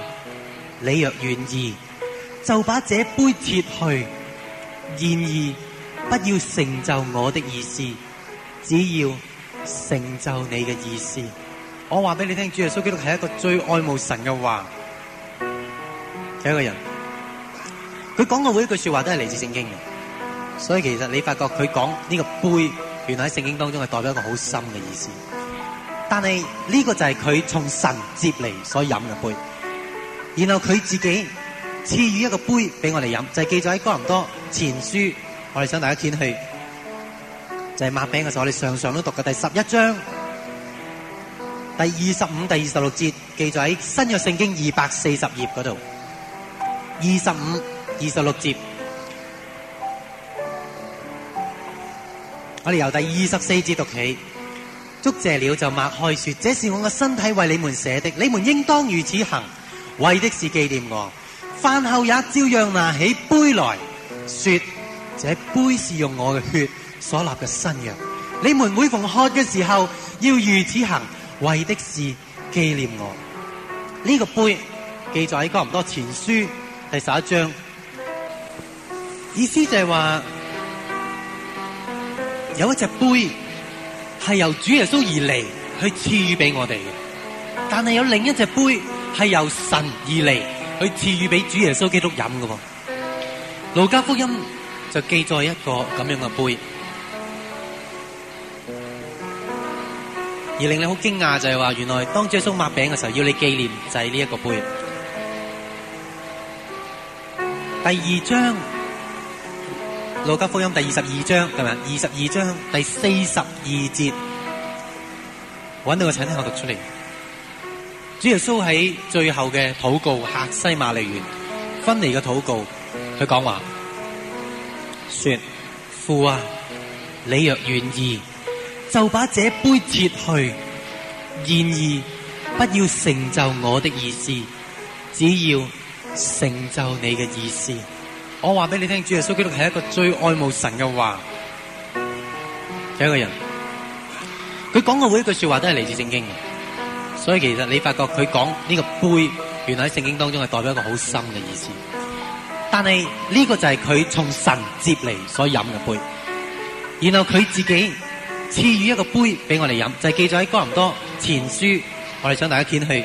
你若願意，就把這杯撤去；然而不要成就我的意思，只要成就你嘅意思。我話俾你聽，主耶穌基督係一個最愛慕神嘅話，一個人，佢講嘅每一句說話都係嚟自聖經嘅，所以其實你發覺佢講呢個杯，原來喺聖經當中係代表一個好深嘅意思。但係呢、這個就係佢從神接嚟所飲嘅杯，然後佢自己賜予一個杯俾我哋飲，就係、是、記載喺哥林多前書，我哋想大家點去？就係擘餅嘅時候，我哋常常都讀嘅第十一章，第二十五、第二十六節記載喺新約聖經二百四十頁嗰度，二十五、二十六節，我哋由第二十四節讀起。祝謝了就擘開說，這是我嘅身體為你們捨的，你們應當如此行，為的是紀念我。飯後也照樣拿起杯來說，這杯是用我嘅血所立嘅新約。」你們每逢喝嘅時候要如此行，為的是紀念我。呢個杯記載喺《哥林多前書》第十一章，意思就係話有一隻杯。係由主耶穌而嚟去賜予俾我哋嘅，但係有另一隻杯係由神而嚟去賜予俾主耶穌基督飲嘅。路加福音就記載一個咁樣嘅杯，而令你好驚訝就係話，原來當主耶穌擘餅嘅時候，要你紀念就係呢一個杯。第二章。路加福音第二十二章係咪？二十二章第四十二節，揾到個請聽我讀出嚟。主耶穌喺最後嘅禱告，客西馬利園，分離嘅禱告，佢講話：，說父啊，你若願意，就把這杯撤去；，然而不要成就我的意思，只要成就你嘅意思。我話俾你聽，主耶穌基督係一個最愛慕神嘅話，有一個人，佢講嘅每一句說話都係嚟自聖經嘅，所以其實你發覺佢講呢個杯，原來喺聖經當中係代表一個好深嘅意思。但係呢個就係佢從神接嚟所飲嘅杯，然後佢自己賜予一個杯俾我哋飲，就係、是、記載喺哥林多前書，我哋想大家點去，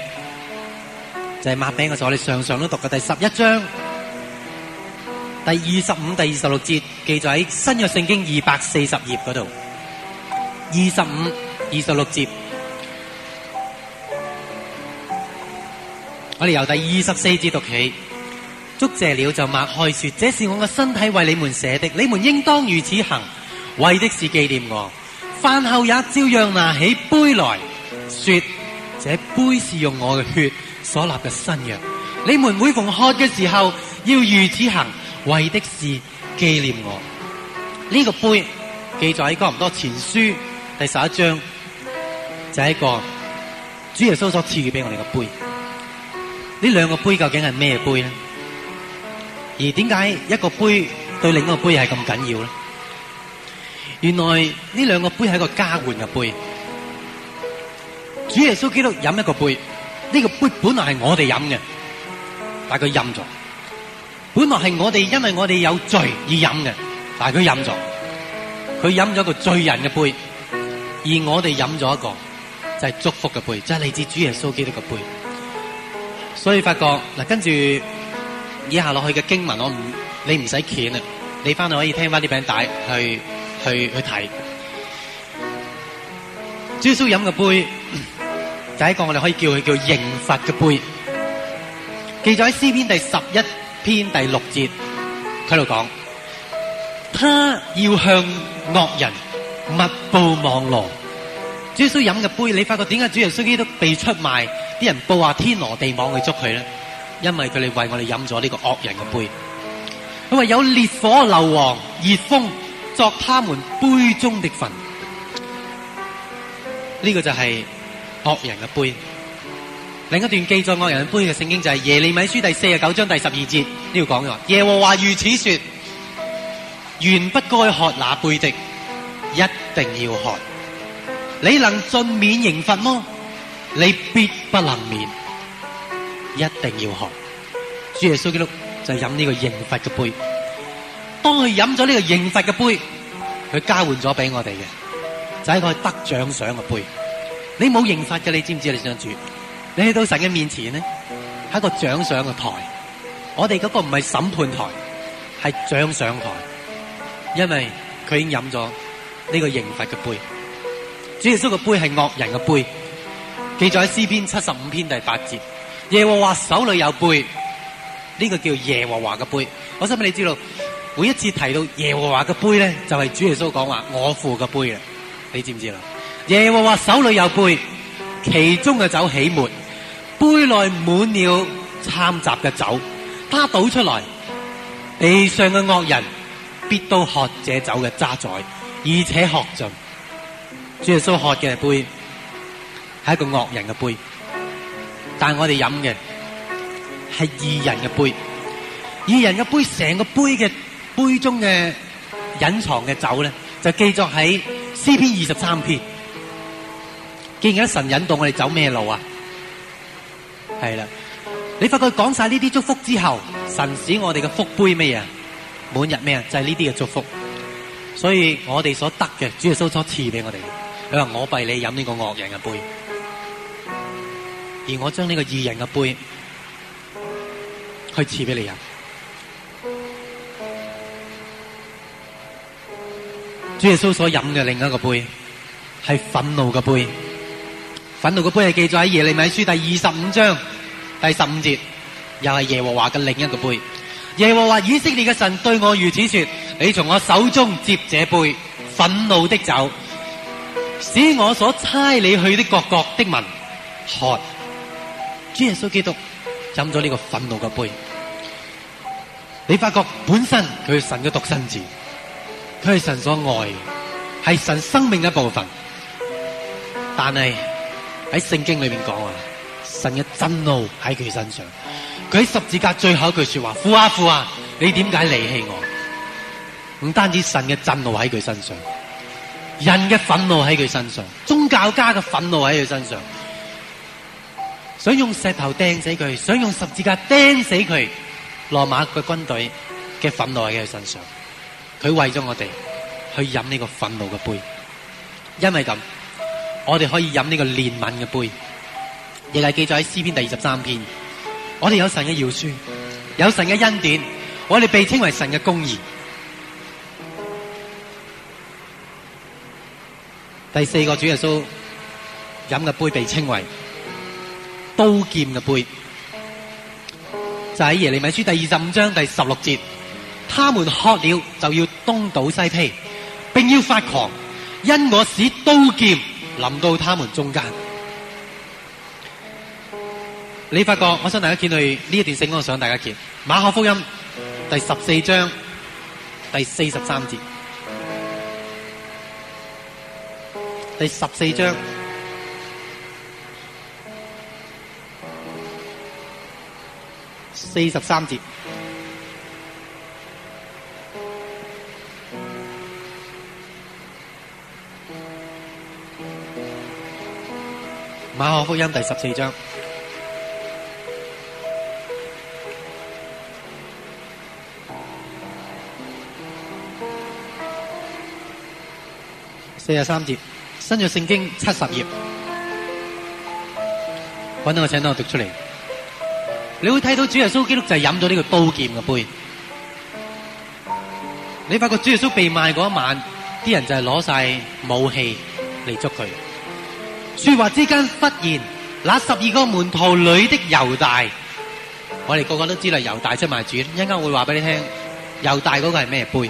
就係擘餅嘅時候，我哋常常都讀嘅第十一章。第二十五、第二十六節記載喺新約聖經二百四十頁嗰度。二十五、二十六節，我哋由第二十四節讀起。祝謝了就擘開說，這是我嘅身體為你們捨的，你們應當如此行，為的是紀念我。飯後也照樣拿起杯來說，這杯是用我嘅血所立嘅新約。你們每逢喝嘅時候，要如此行。為的是紀念我，呢、這個杯記載喺《哥林多前書》第十一章，就係、是，一個主耶穌所賜予俾我哋嘅杯。呢兩個杯究竟係咩杯咧？而點解一個杯對另一個杯係咁緊要咧？原來呢兩個杯係一個交換嘅杯。主耶穌基督飲一個杯，呢、這個杯本來係我哋飲嘅，但佢飲咗。本嚟係我哋，因為我哋有罪而飲嘅，但係佢飲咗，佢飲咗個罪人嘅杯，而我哋飲咗一個，就係祝福嘅杯，就係嚟自主耶穌基督嘅杯。所以發覺嗱，跟住以下落去嘅經文，我唔，你唔使揭啊，你翻去可以聽翻啲餅帶去去去睇。耶穌飲嘅杯，就係一個我哋可以叫佢叫刑罰嘅杯。記載喺詩篇第十一。篇第六節，佢度講，他要向惡人密布網羅。」主耶穌飲嘅杯，你發覺點解主耶穌都被出賣？啲人報下天羅地網去捉佢咧，因為佢哋為我哋飲咗呢個惡人嘅杯。佢話有烈火硫磺，熱風作他們杯中的分。呢個就係惡人嘅杯。另一段記載愛人的杯嘅聖經就係耶利米書第四十九章第十二節呢度講嘅，耶和華如此説：原不該喝那杯的，一定要喝。你能盡免刑罰嗎？你必不能免，一定要喝。主耶穌基督就飲呢個刑罰嘅杯。當佢飲咗呢個刑罰嘅杯，佢交換咗俾我哋嘅，就係一個得獎賞嘅杯。你冇刑罰嘅，你知唔知你想住？你去到神嘅面前呢，係一個獎賞嘅台。我哋嗰個唔係審判台，係獎賞台。因為佢已經飲咗呢個刑罰嘅杯。主耶穌嘅杯係惡人嘅杯。記載喺詩篇七十五篇第八節。耶和華手裏有杯，呢、這個叫耶和華嘅杯。我想俾你知道，每一次提到耶和華嘅杯咧，就係、是、主耶穌講話我父嘅杯啦。你知唔知啦？耶和華手裏有杯，其中嘅酒起沫。杯內滿了摻雜嘅酒，他倒出來，地上嘅惡人必都喝這酒嘅渣滓，而且喝盡。主耶穌喝嘅杯係一個惡人嘅杯，但係我哋飲嘅係義人嘅杯。義人嘅杯成個杯嘅杯中嘅隱藏嘅酒咧，就記載喺詩篇二十三篇。既然神引導我哋走咩路啊？係啦，你發覺講晒呢啲祝福之後，神使我哋嘅福杯乜嘢？滿溢咩啊？就係呢啲嘅祝福，所以我哋所得嘅，主耶穌所賜俾我哋。我你話我俾你飲呢個惡人嘅杯，而我將呢個義人嘅杯去賜俾你飲，主耶穌所飲嘅另一個杯係憤怒嘅杯。憤怒嘅杯係記載喺耶利米書第二十五章第十五節，又係耶和華嘅另一個杯。耶和華以色列嘅神對我如此說：你從我手中接這杯憤怒的酒，使我所差你去的各國的民喝。主耶穌基督飲咗呢個憤怒嘅杯，你發覺本身佢係神嘅獨生子，佢係神所愛，係神生命嘅一部分，但係，喺聖經裏面講啊，神嘅震怒喺佢身上，佢喺十字架最後一句說話：，父啊父啊，你點解離棄我？唔單止神嘅震怒喺佢身上，人嘅憤怒喺佢身上，宗教家嘅憤怒喺佢身上，想用石頭掟死佢，想用十字架釘死佢，羅馬嘅軍隊嘅憤怒喺佢身上，佢為咗我哋去飲呢個憤怒嘅杯，因為咁。我哋可以飲呢個憐憫嘅杯，亦係記載喺詩篇第二十三篇。我哋有神嘅要書，有神嘅恩典，我哋被稱為神嘅公義。第四個主耶穌飲嘅杯被稱為刀劍嘅杯，就喺耶利米書第二十五章第十六節。他們喝了就要東倒西歪，並要發狂，因我使刀劍臨到他們中間，你發覺，我想大家見到呢一段聖光想，大家見馬可福音第十四章第四十三節，第十四章四十三節。馬可福音第十四章四十三節，新約聖經七十頁，搵到我請到我讀出嚟。你會睇到主耶穌基督就係飲咗呢個刀劍嘅杯。你發覺主耶穌被賣嗰一晚，啲人就係攞晒武器。嚟捉佢。說話之間，忽然那十二個門徒裏的猶大，我哋個個都知啦。猶大出賣主，一陣間會話俾你聽。猶大嗰個係咩杯？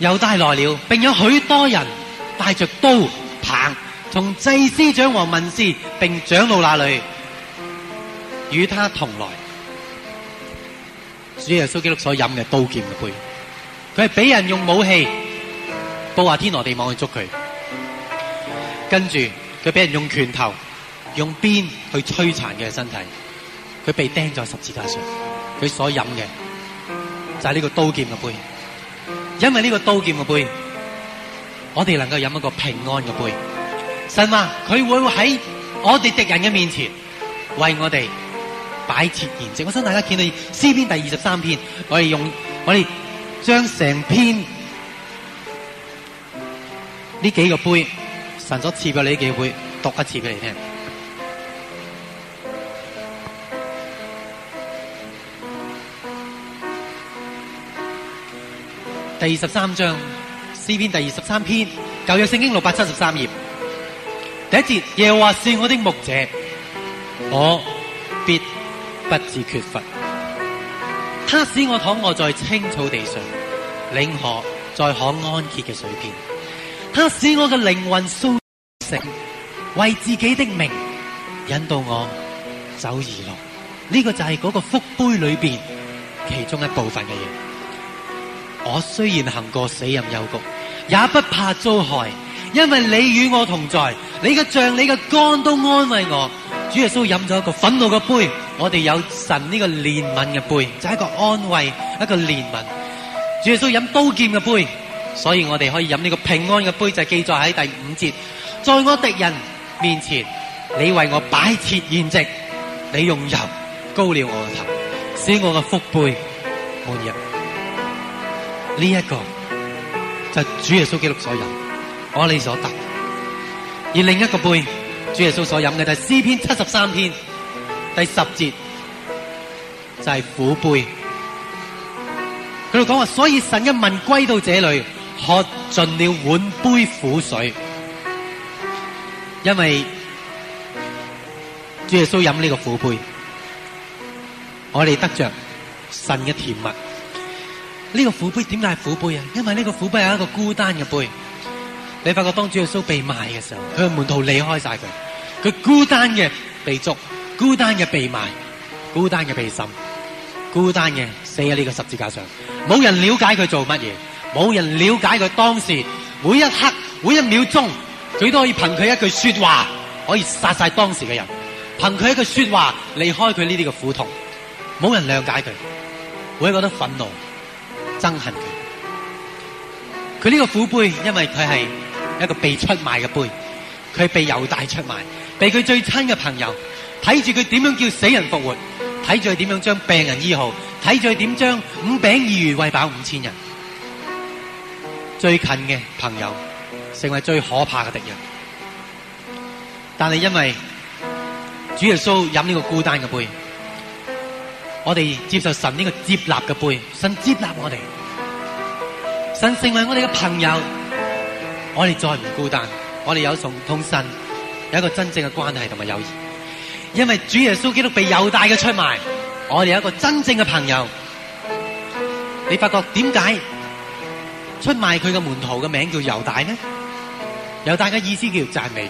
猶大來了，並有許多人帶着刀棒，從祭司長和文士並長老那裏與他同來。主耶穌基督所飲嘅刀劍嘅杯，佢係俾人用武器。佈下天羅地網去捉佢，跟住佢俾人用拳頭、用鞭去摧殘佢嘅身體，佢被釘在十字架上，佢所飲嘅就係、是、呢個刀劍嘅杯，因為呢個刀劍嘅杯，我哋能夠飲一個平安嘅杯。神話佢會喺我哋敵人嘅面前為我哋擺設筵席。我想大家見到詩篇第二十三篇，我哋用我哋將成篇。呢幾個杯，神所賜俾你嘅杯，讀一次俾你聽。第二十三章，詩篇第二十三篇，舊約聖經六百七十三頁第一節，耶和華是我的牧者，我必不致缺乏。他使我躺卧在青草地上，領我在可安歇嘅水邊。他使我嘅靈魂甦醒，為自己的名引導我走義路。呢、這個就係嗰個福杯裏邊其中一部分嘅嘢。我雖然行過死蔭幽谷，也不怕遭害，因為你與我同在。你嘅杖、你嘅竿都安慰我。主耶穌飲咗一個憤怒嘅杯，我哋有神呢個憐憫嘅杯，就係、一個安慰，一個憐憫。主耶穌飲刀劍嘅杯。所以我哋可以飲呢個平安嘅杯仔，就記載喺第五節，在我敵人面前，你為我擺設筵席，你用油膏了我的頭，使我嘅福杯滿溢。呢、這、一個就是、主耶穌基督所飲，我你所得。而另一個杯，主耶穌所飲嘅就係詩篇七十三篇第十節，就係、是、苦杯。佢講話，所以神嘅民，歸到這裏。喝盡了碗杯苦水，因為主耶穌飲呢個苦杯，我哋得着神嘅甜蜜。呢個苦杯點解係苦杯啊？因為呢個苦杯係一個孤單嘅杯。你發覺當主耶穌被賣嘅時候，佢嘅門徒離開晒佢，佢孤單嘅被捉，孤單嘅被、被賣，孤單嘅被審，孤單嘅死喺呢個十字架上，冇人了解佢做乜嘢。冇人了解佢當時每一刻，每一秒鐘，佢都可以憑佢一句說話可以殺曬當時嘅人，憑佢一句說話離開佢呢啲嘅苦痛。冇人諒解佢，會覺得憤怒憎恨佢。佢呢個苦杯，因為佢係一個被出賣嘅杯，佢被猶大出賣，被佢最親嘅朋友睇住佢點樣叫死人復活，睇住佢點樣將病人醫好，睇住佢點將五餅二魚餵飽五千人。最近嘅朋友成為最可怕嘅敵人，但係因為主耶穌飲呢個孤單嘅杯，我哋接受神呢個接納嘅杯，神接納我哋，神成為我哋嘅朋友，我哋再唔孤單，我哋有從同神有一個真正嘅關係同埋友誼，因為主耶穌基督被猶大嘅出賣，我哋有一個真正嘅朋友，你發覺點解？出賣佢嘅門徒嘅名叫猶大呢？猶大嘅意思叫讚美，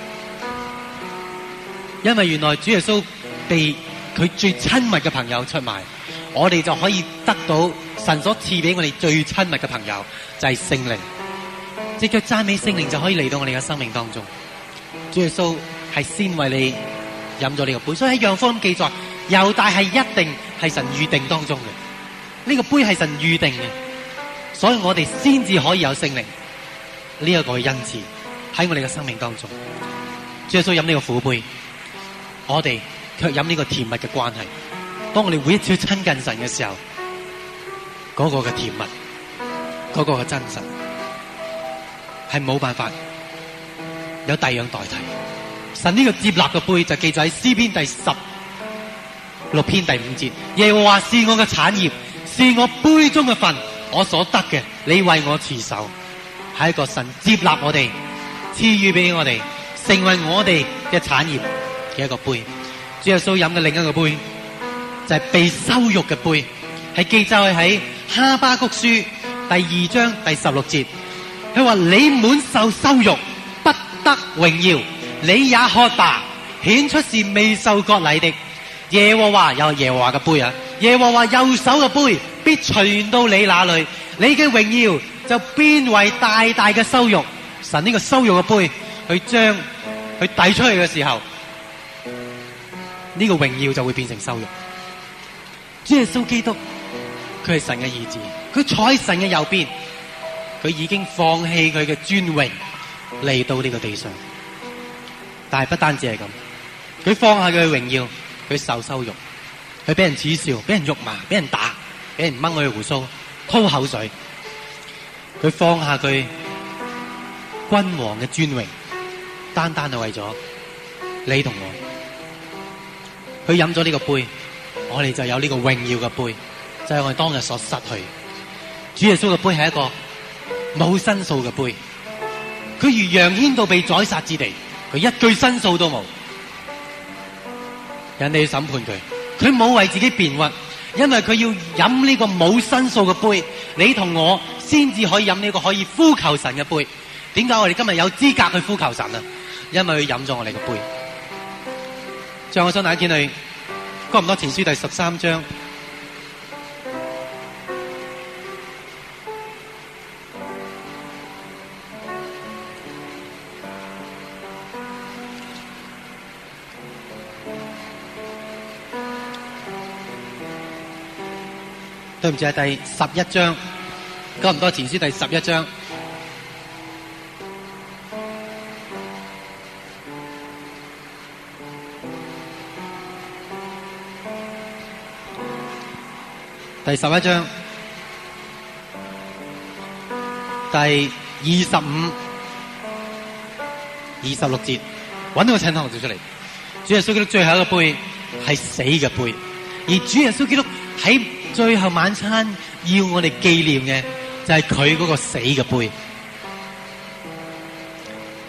因為原來主耶穌被佢最親密嘅朋友出賣，我哋就可以得到神所賜俾我哋最親密嘅朋友就係聖靈，即腳讚美聖靈就可以嚟到我哋嘅生命當中。主耶穌係先為你飲咗呢個杯，所以喺羊方記載，猶大係一定係神預定當中嘅，呢個杯係神預定嘅。所以我哋先至可以有聖靈呢一個嘅恩賜喺我哋嘅生命當中，耶穌飲呢個苦杯，我哋卻飲呢個甜蜜嘅關係。當我哋每一次親近神嘅時候，嗰個嘅甜蜜，嗰個嘅真實，係冇辦法有第二樣代替。神呢個接納嘅杯就記載喺詩篇第十六篇第五節：耶和華是我嘅產業，是我杯中嘅份。我所得嘅，你為我持守，係一個神接納我哋，賜予俾我哋，成為我哋嘅產業嘅一個杯。主耶穌飲嘅另一個杯，就係、是、被羞辱嘅杯，係記載喺《哈巴谷書》第二章第十六節。佢話：你滿受羞辱，不得榮耀，你也喝吧，顯出是未受割禮的。耶和華有耶和華嘅杯啊，耶和華右手嘅杯。必傳到你那裏，你嘅榮耀就變為大大嘅羞辱，神呢個羞辱嘅杯，去將佢遞出去嘅時候，呢、這個榮耀就會變成羞辱。耶穌基督，佢係神嘅兒子，佢坐喺神嘅右邊，佢已經放棄佢嘅尊榮嚟到呢個地上。但係不單止係咁，佢放下佢嘅榮耀，佢受羞辱，佢俾人恥笑，俾人辱罵，俾人打，俾人掹佢嘅鬍鬚，吐口水。佢放下佢君王嘅尊榮，單單係為咗你同我。佢飲咗呢個杯，我哋就有呢個榮耀嘅杯，就係、是、我哋當日所失去。主耶穌嘅杯係一個冇申訴嘅杯，佢如羊牽到被宰殺之地，佢一句申訴都冇。人哋要審判佢，佢冇為自己辯護。因為佢要飲呢個冇申訴嘅杯，你同我先至可以飲呢個可以呼求神嘅杯。點解我哋今日有資格去呼求神啊？因為佢飲咗我哋嘅杯。咁我想帶見你，哥林多，前書第十三章。對唔住，係第十一章，哥林多前書第十一章，第十一章，第二十五、二十六節，揾到個襯托字出嚟。主耶穌基督最後一個杯係死嘅杯，而主耶穌基督喺最後晚餐要我哋紀念嘅就係佢嗰個死嘅杯。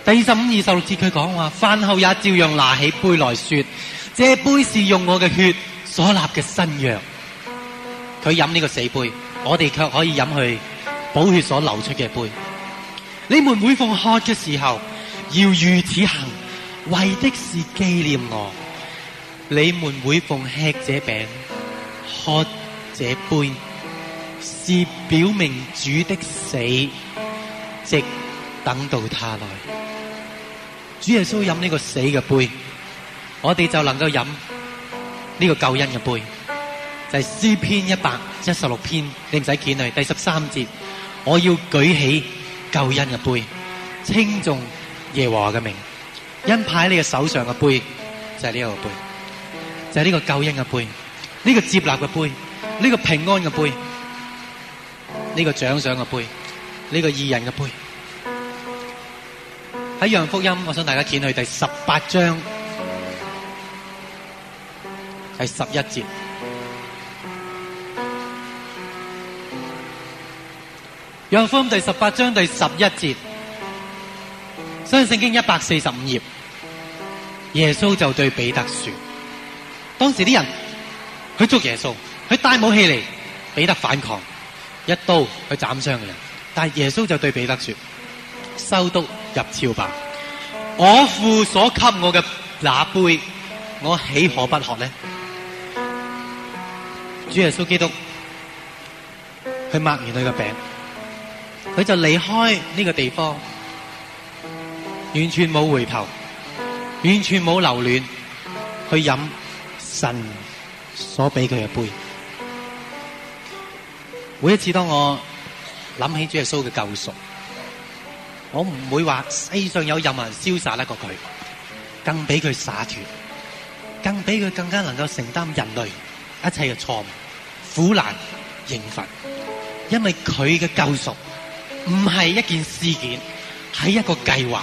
第二十五、二十六節佢講話：飯後也照樣拿起杯來說，這杯是用我嘅血所立嘅新約。佢飲呢個死杯，我哋卻可以飲去補血所流出嘅杯。 你們每逢喝嘅時候要如此行，為的是紀念我。你們每逢吃這餅、喝這杯是表明主的死，直等到他來。主耶穌飲呢個死嘅杯，我哋就能夠飲呢個救恩嘅杯。就係、是、詩篇一百一十六篇，你唔使見佢第十三節，我要舉起救恩嘅杯，稱頌耶和華嘅名。因派你嘅手上嘅杯，就係呢一個杯，就係、是、呢個救恩嘅杯，呢、這個接納嘅杯。呢、這個平安嘅杯，呢、這個獎賞嘅杯，呢、這個義人嘅杯。喺《羊福音》，我想大家見去第十八章，第十一節。《羊福音》第十八章第十一節，相信聖經一百四十五頁，耶穌就對彼得說：當時啲人佢捉耶穌。佢帶武器嚟，彼得反抗，一刀去斬傷嘅人。但係耶穌就對彼得說：收刀入鞘吧，我父所給我嘅那杯，我豈可不喝呢？主耶穌基督，佢擘完佢嘅餅，佢就離開呢個地方，完全冇回頭，完全冇留戀，去飲神所俾佢嘅杯。每一次當我諗起主耶穌嘅救贖，我唔會話世上有任何人瀟灑得過佢，更俾佢灑脫，更俾佢更加能夠承擔人類一切嘅錯誤、苦難、刑罰。因為佢嘅救贖唔係一件事件，係一個計劃，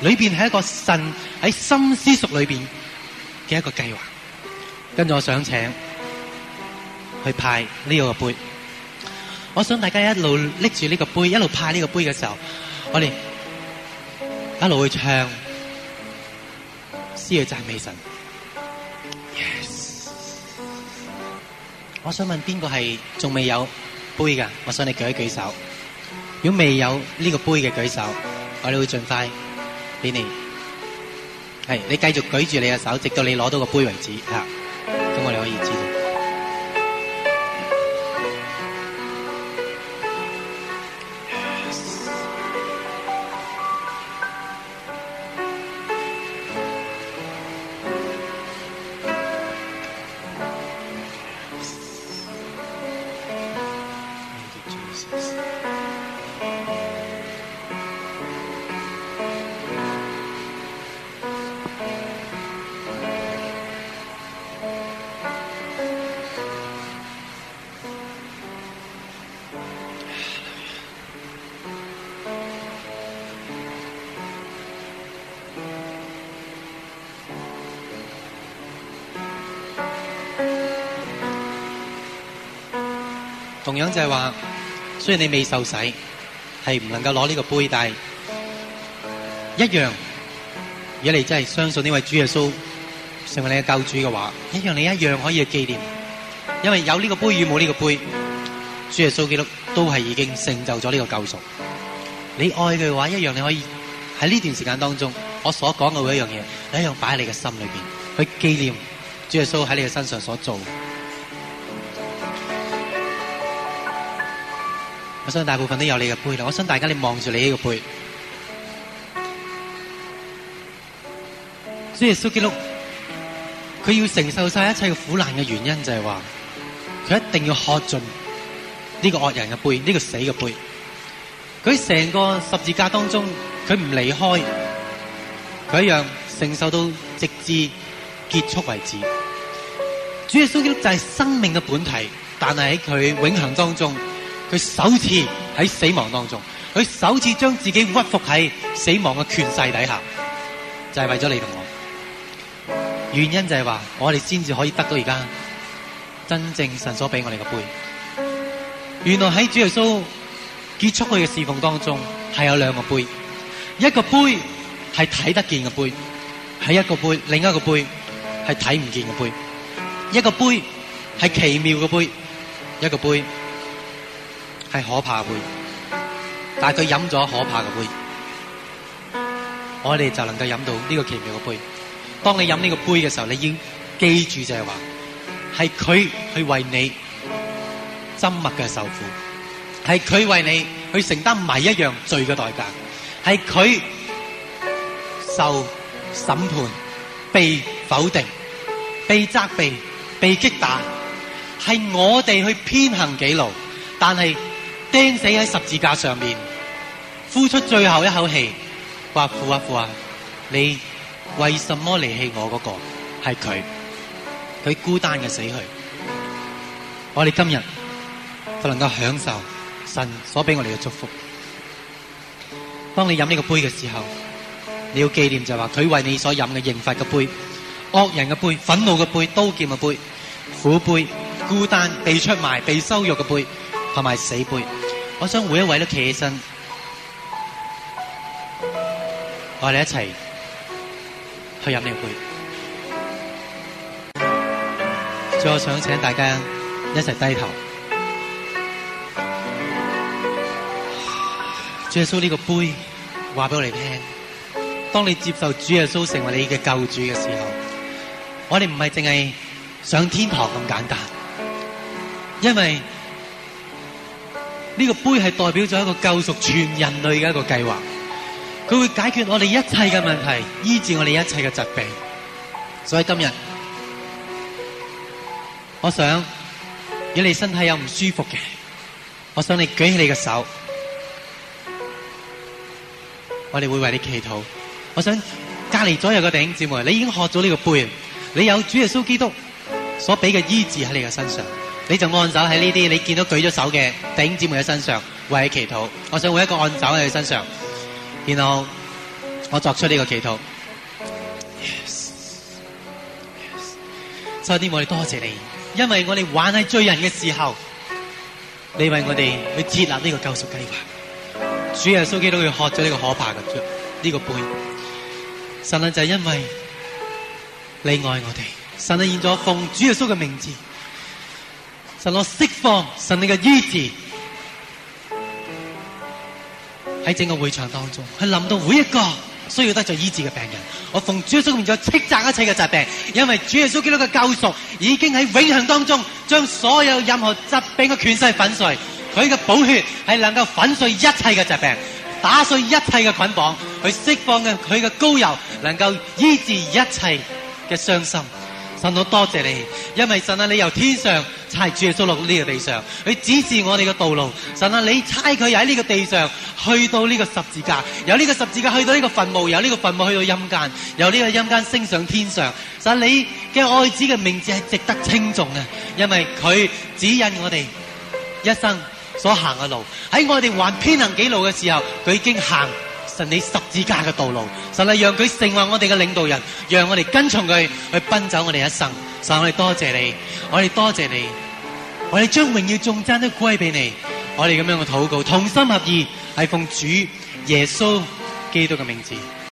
裏邊係一個神喺深思熟慮邊嘅一個計劃。跟住我想請去派呢個杯。我想大家一路拎住呢個杯，一路派呢個杯嘅時候，我哋一路去唱，詩歌讚美神。Yes，我想問邊個係仲未有杯噶我想你舉一舉手。如果未有呢個杯嘅舉手，我哋會盡快俾你。係，你繼續舉住你嘅手，直到你攞到個杯為止。吓、啊，咁我哋可以知道。同樣就係話，雖然你未受洗，係唔能夠攞呢個杯帶，但一樣，如果你真係相信呢位主耶穌成為你嘅救主嘅話，一樣你一樣可以去紀念，因為有呢個杯與冇呢個杯，主耶穌基督都係已經成就咗呢個救贖。你愛佢嘅話，一樣你可以喺呢段時間當中，我所講嘅每一樣嘢，你一樣擺喺你嘅心裏邊去紀念主耶穌喺你嘅身上所做。我想大部分都有你嘅杯啦，我想大家着你望住你呢個杯。主耶穌基督，佢要承受晒一切嘅苦難嘅原因就係、是、話，佢一定要喝盡呢個惡人嘅杯，呢、這個死嘅杯。佢成個十字架當中，佢唔離開，佢一樣承受到直至結束為止。主耶穌基督就係生命嘅本體，但係喺佢永恆當中。佢首次喺死亡當中，佢首次將自己屈服喺死亡嘅權勢底下，就係為咗你同我。原因就係話，我哋先至可以得到而家真正神所俾我哋嘅杯。原來喺主耶穌結束佢嘅侍奉當中，係有兩個杯，一個杯係睇得見嘅杯，係一個杯，另一個杯係睇唔見嘅杯，一個杯係奇妙嘅杯，一個杯。係可怕杯，但係佢飲咗可怕嘅杯，我哋就能夠飲到呢個奇妙嘅杯。當你飲呢個杯嘅時候，你已經記住就係話，係佢去為你真物嘅受苦，係佢為你去承擔唔係一樣罪嘅代價，係佢受審判、被否定、被責備、被擊打，係我哋去偏行己路，但係。釘死喺十字架上面，呼出最後一口氣，話父啊父啊！你為什麼離棄我、那個？嗰個係佢，佢孤單嘅死去。我哋今日就能夠享受神所俾我哋嘅祝福。當你飲呢個杯嘅時候，你要紀念就係話佢為你所飲嘅刑罰嘅杯、惡人嘅杯、憤怒嘅杯、刀劍嘅杯、苦杯、孤單被出賣、被羞辱嘅杯。同埋死杯，我想每一位都企起身，我哋一齊去飲呢杯。最後想請大家一齊低頭，主耶穌呢個杯話俾我哋聽：當你接受主耶穌成為你嘅救主嘅時候，我哋唔係淨係上天堂咁簡單，因為。呢、這個杯係代表咗一個救贖全人類嘅一個計劃，佢會解決我哋一切嘅問題，醫治我哋一切嘅疾病。所以今日，我想，如果你身體有唔舒服嘅，我想你舉起你嘅手，我哋會為你祈禱。我想，隔籬左右嘅弟兄姊妹，你已經學咗呢個杯，你有主耶穌基督所俾嘅醫治喺你嘅身上。你就按手喺呢啲你見到舉咗手嘅弟兄姊妹嘅身上，為佢祈禱。我想為一個按手喺佢身上，然後我作出呢個祈禱。上、yes. 帝、yes. 我哋多謝你，因為我哋玩喺罪人嘅時候，你為我哋去設立呢個救贖計劃。主耶穌基督，佢學咗呢個可怕嘅呢、這個杯，神啊，就係因為你愛我哋，神啊，現咗奉主耶穌嘅名字。神我釋放神你嘅醫治喺整個會場當中，去臨到每一個需要得着醫治嘅病人。我奉主耶穌名，就斥責一切嘅疾病，因為主耶穌基督嘅救贖已經喺永恆當中將所有任何疾病嘅權勢粉碎。佢嘅寶血係能夠粉碎一切嘅疾病，打碎一切嘅捆綁。去釋放嘅佢嘅膏油，能夠醫治一切嘅傷心。神好多謝你，因為神啊，你由天上差主耶穌落呢個地上，佢指示我哋嘅道路。神啊，你差佢喺呢個地上，去到呢個十字架，由呢個十字架去到呢個墳墓，由呢個墳墓去到陰間，由呢個陰間升上天上。神啊，你嘅愛子嘅名字係值得稱頌嘅，因為佢指引我哋一生所行嘅路，喺我哋還偏行幾路嘅時候，佢已經行。神你十字架嘅道路，神你讓佢成為我哋嘅領導人，讓我哋跟從佢去奔走我哋一生，所以我哋多謝你，我哋多謝你，我哋將榮耀頌讚都歸俾你，我哋咁樣嘅禱告，同心合意，係奉主耶穌基督嘅名字。